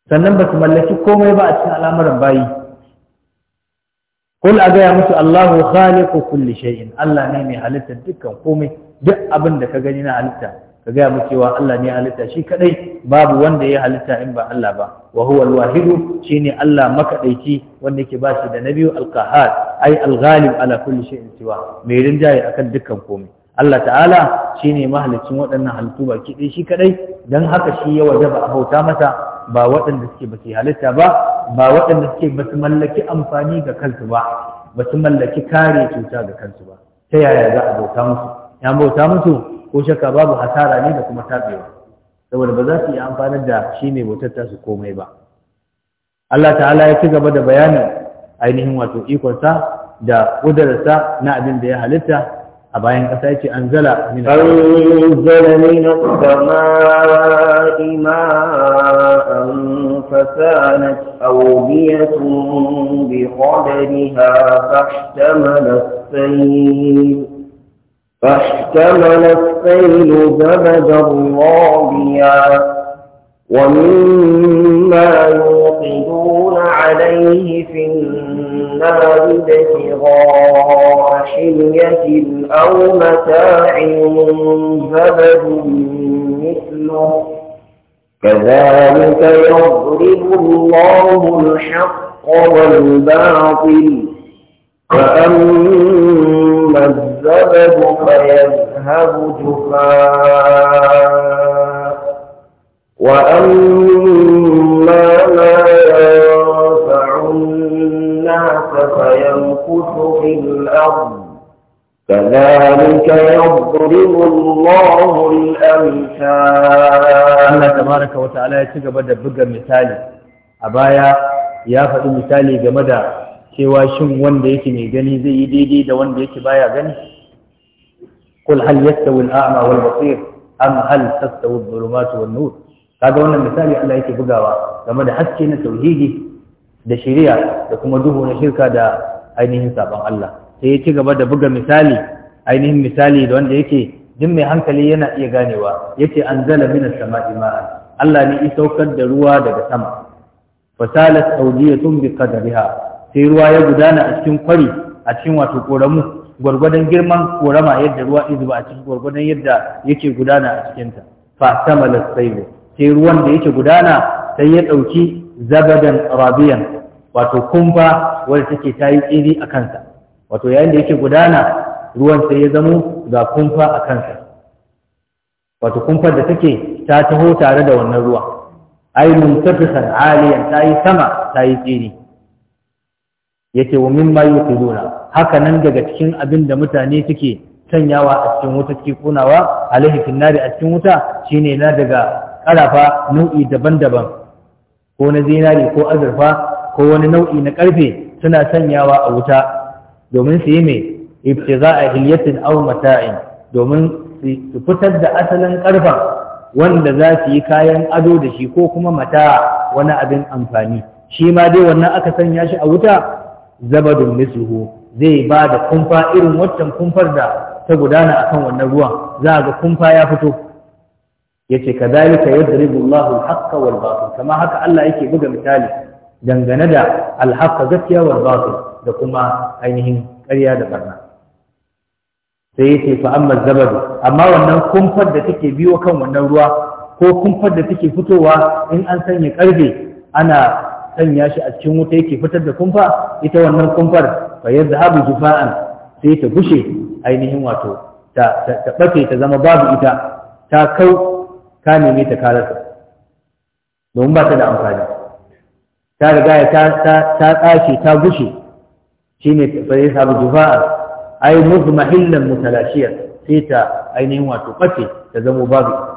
sannan ba su mallaki komai ba a cikin al'amuran bayi kul a gaya musu Allahu khaliqu kulli Allah ne mai halittar dukkan komai duk abin da ka gani na halitta ka gaya mu cewa Allah ne halitta shi kadai babu wanda ya halitta in ba Allah ba wa huwa al-wahidu shine Allah makadaici wanda yake ba shi da nabiyu al-qahhar ai al-ghalib ala kulli shay'in siwa mai rinjaye akan dukkan komai Allah ta'ala shine mahalicin waɗannan halittu ba kidai shi kadai dan haka shi ya wajaba a bauta masa ba waɗanda suke ba su halitta ba ba waɗanda suke ba su mallaki amfani ga kansu ba ba su mallaki kare cuta ga kansu ba ta yaya za a bauta musu ya bauta musu ko shakka babu hasara ne da kuma tabewa saboda ba za su yi amfanar da shi ne bautar tasu su komai ba Allah ta'ala ya ci gaba da bayani ainihin wato ikonsa da ƙudurarsa na abin da ya halitta a bayan ƙasa yake an zala min as-sama'i ma'an fasanat awdiyatun bi فاحتمل السيل زبدا رابيا ومما يوقدون عليه في النار ابتغاء حلية أو متاع زبد مثله كذلك يضرب الله الحق والباطل وأما الزبد فيذهب جفاء وأما ما ينفع الناس فيمكث في الأرض كذلك يضرب الله الأمثال الله تبارك وتعالى يتجب da buga misali a baya ya faɗi misali game da cewa shin wanda yake mai gani zai yi daidai da wanda yake baya gani kul hal yastawi al-a'ma wal basir am hal tastawi al dhulumat wal nur kaga wannan misali Allah yake bugawa game da haske na tauhidi da shari'a da kuma duhu na shirka da ainihin sabon Allah sai ya ci gaba da buga misali ainihin misali da wanda yake duk mai hankali yana iya ganewa yace anzala minas sama'i ma'an Allah ne ya saukar da ruwa daga sama fasalat awdiyatun bi qadariha sai ruwa ya gudana a cikin kwari a cikin wato koramu gwargwadon girman korama yadda ruwa izuba a cikin gwargwadon yadda yake gudana a cikinta fa da sailu sai ruwan da yake gudana sai ya ɗauki zabadan rabiyan wato kumfa wadda take ta yi tsiri a kansa wato yayin da yake gudana ruwan sai ya zamo ga kumfa a kansa wato kumfar da take ta taho tare da wannan ruwa ai mumtafisan aliyan ta yi sama ta yi tsiri yake wa mimma yuqiduna haka nan daga cikin abin da mutane suke sanyawa a cikin wuta suke kunawa alaihi finnari a cikin wuta shine na daga karafa nau'i daban-daban ko na zinari ko azurfa ko wani nau'i na karfe suna sanyawa a wuta domin su yi mai a hilyatin aw mata'in domin su fitar da asalin karfan wanda za su yi kayan ado da shi ko kuma mata wani abin amfani shi ma dai wannan aka sanya shi a wuta zabadun misuhu zai ba da kumfa irin waccan kumfar da ta gudana akan wannan ruwan za ga kumfa ya fito Ya yace kadhalika yadribu Allahu al-haqqa wal batil kama haka Allah yake buga misali dangane da alhaka gaskiya wal da kuma ainihin karya da barna sai yake fa amma zabadu amma wannan kumfar da take biyo kan wannan ruwa ko kumfar da take fitowa in an sanya karfe ana sanya shi a cikin wuta yake fitar da kumfa ita wannan kumfar fa abu jufa'an sai ta gushe ainihin wato ta ɓace ta zama babu ita ta kau ka neme ta karasa domin ba ta da amfani ta riga ta ta ta tsace ta gushe ne fa yadhhabu jufa'an ay muzmahillan mutalashiyar sai ta ainihin wato ɓace ta zama babu ita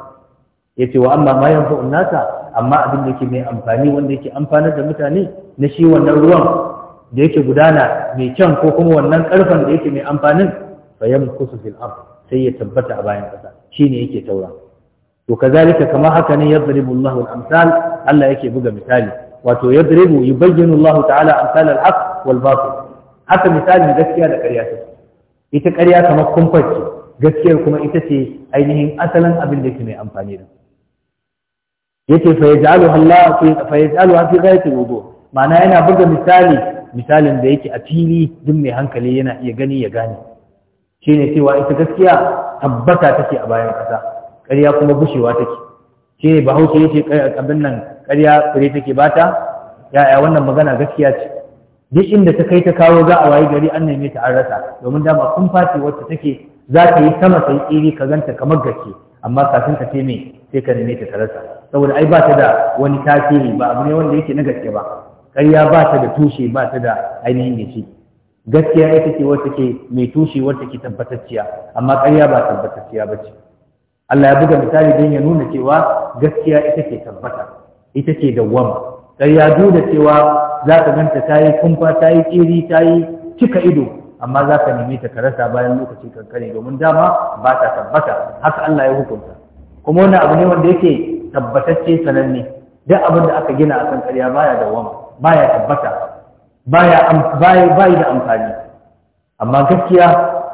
yace wa amma ma yanfu'un nasa amma abin da ke mai amfani wanda yake amfanar da mutane na shi wannan ruwan da yake gudana mai kyan ko kuma wannan karfan da yake mai amfanin fayan kusa fil sai ya tabbata a bayan kasa shine yake taura to kazalika kama haka ne yadribu Allahu al-amsal Allah yake buga misali wato yadribu yubayyinu Allahu ta'ala amsal al-haq wal batil haka misalin gaskiya da ƙarya ce ita ƙarya kamar kumfar gaskiyar kuma ita ce ainihin asalin abin da yake mai amfani da Yake fa yaj'alu Allah fi fa fi ghayati wudu ma'ana yana buga misali misalin da yake a fili duk mai hankali yana iya gani ya gane shine cewa ita gaskiya tabbata take a bayan kasa ƙarya kuma bushewa take shine bahaushe yace abin nan ƙarya fure take bata yaya wannan magana gaskiya ce duk inda ta kai ta kawo za a wayi gari an neme ta an rasa domin dama kun fati wacce take za ta yi sama sai iri ka ganta kamar gaske amma kafin ka ce me sai ka neme ta ta rasa saboda ai ba ta da wani tasiri ba abu ne wanda yake na gaske ba ƙarya ba ta da tushe ba ta da ainihin gaske gaskiya ita ce wacce ke mai tushe wacce ke tabbatacciya amma ƙarya ba tabbatacciya ba ce Allah ya buga misali don ya nuna cewa gaskiya ita ce tabbata ita ce dawwama ƙarya duk cewa za ka ganta ta yi kumfa ta yi tsiri ta yi cika ido amma za ka nemi ta karasa bayan lokaci kankare domin dama ba ta tabbata haka Allah ya hukunta kuma wani abu ne wanda yake tabbatacce sananne duk abin da aka gina a kan ƙarya baya da wama, baya tabbata baya bayi da amfani amma gaskiya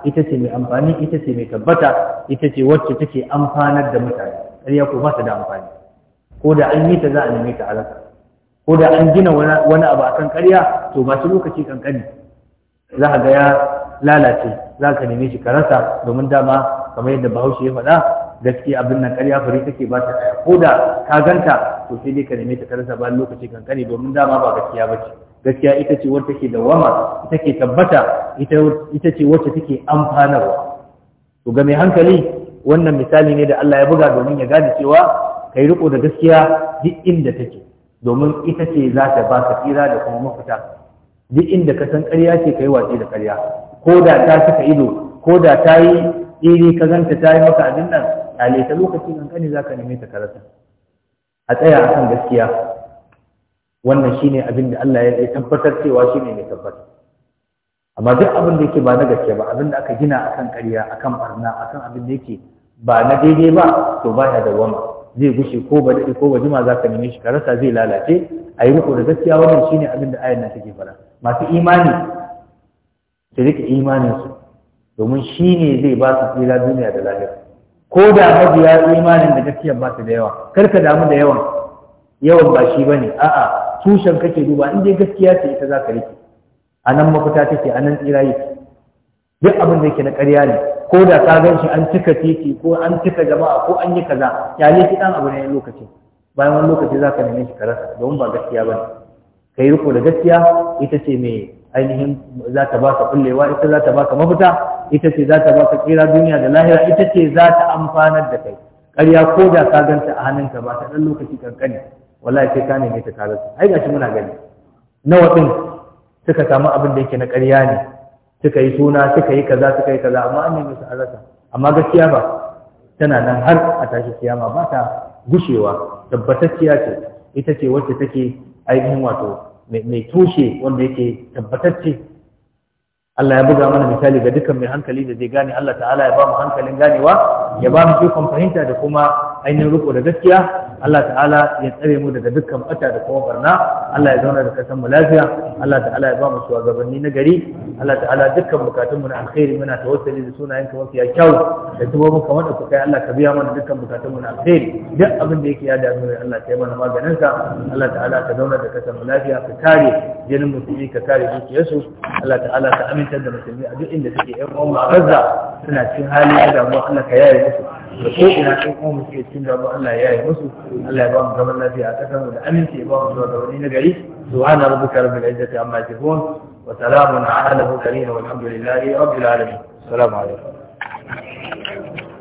ita ce mai amfani ita ce mai tabbata ita ce wacce take amfanar da mutane ƙarya ko ba ta da amfani ko da an yi ta za a neme ta alaka, ko da an gina wani abu a kan ƙarya to ba shi lokaci kankani za ka ga ya lalace za ka neme shi ka rasa domin dama kamar yadda bahaushe ya faɗa gaskiya abin nan ƙarya fari take ba ta ɗaya ko da ka ganta to sai dai ka neme ta karasa bayan lokaci kankani domin dama ba gaskiya ba ce gaskiya ita ce wacce take dawama ita ke tabbata ita ce wacce take amfanarwa to ga mai hankali wannan misali ne da Allah ya buga domin ya gane cewa kai riko da gaskiya duk inda take domin ita ce za ta ba ka tsira da kuma mafita duk inda ka san ƙarya ce kai watsi da ƙarya ko da ta saka ido ko da ta yi dai ka zanta ta yi maka abin nan ɗale ta lokaci kankani za ka neme ta karasa a tsaya a kan gaskiya wannan shi ne abin da Allah ya tabbatar cewa shi ne mai tabbatar amma duk abin da yake ba na gaskiya ba abin da aka gina a akan ƙarya akan barna kan abin da yake ba na daidai ba to baya da wama zai gushe ko ba daɗi ko ba jima za ka neme shi karasa zai lalace a yi da gaskiya wannan shi ne abin da ayan nan take fara masu imani su rike imaninsu domin shi ne zai ba su tsira duniya da lafiya ko da mabiya imanin da gaskiya ba su da yawa kar ka damu da yawan yawan ba shi a'a tushen kake duba in dai gaskiya ce ita za ka rike a nan mafita take a nan tsira yake duk abin da yake na karya ne ko da ka gan shi an cika titi ko an cika jama'a ko an yi kaza kyale shi dan abu ne lokaci bayan wani lokaci za ka neme shi ka rasa domin ba gaskiya ba ne. Ka yi riko da gaskiya ita ce mai ainihin za ta baka kullewa ita za ta baka mafita ita ce za ta baka kira duniya da lahira ita ce za ta amfanar da kai ƙarya ko da ka ganta a hannunka ba ta ɗan lokaci kankani wallahi sai ka neme ta kare ai gashi muna gani nawa ɗin suka samu abin da yake na ƙarya ne suka yi suna suka yi kaza suka yi kaza amma an neme su amma gaskiya ba tana nan har a tashi kiyama ba ta gushewa tabbatacciya ce ita ce wacce take ainihin wato mai tushe wanda yake tabbatacce Allah ya buga mana misali ga dukkan mai hankali da zai gane Allah ta'ala ya ba mu hankalin ganewa ya ba mu ikon fahimta da kuma ainihin riko da gaskiya Allah ta'ala ya tsare mu daga dukkan bata da kuma barna Allah ya zauna da kasan mu lafiya Allah ta'ala ya ba mu shugabanni na gari Allah ta'ala dukkan bukatun mu na alkhairi muna tawassuli da sunayen ka mafiya kyau da kuma mun kamar da kai Allah ka biya mana dukkan bukatun mu na alkhairi duk abin da yake ya damu ne Allah kai mana maganin ka Allah ta'ala ka zauna da kasan mu lafiya ka kare jinin musulmi ka kare dukiyarsu Allah ta'ala ka amintar da musulmi a duk inda suke ƴan uwan mu suna cikin hali na damuwa Allah ka yaye musu da ko ina kai kuma muke cikin da Allah ya yi musu Allah ya ba mu zaman lafiya a kasar mu da aminci ya ba mu zuwa gabani na gari subhana rabbika rabbil izzati amma yasifun wa salamun ala al-mursalin walhamdulillahi rabbil alamin assalamu alaikum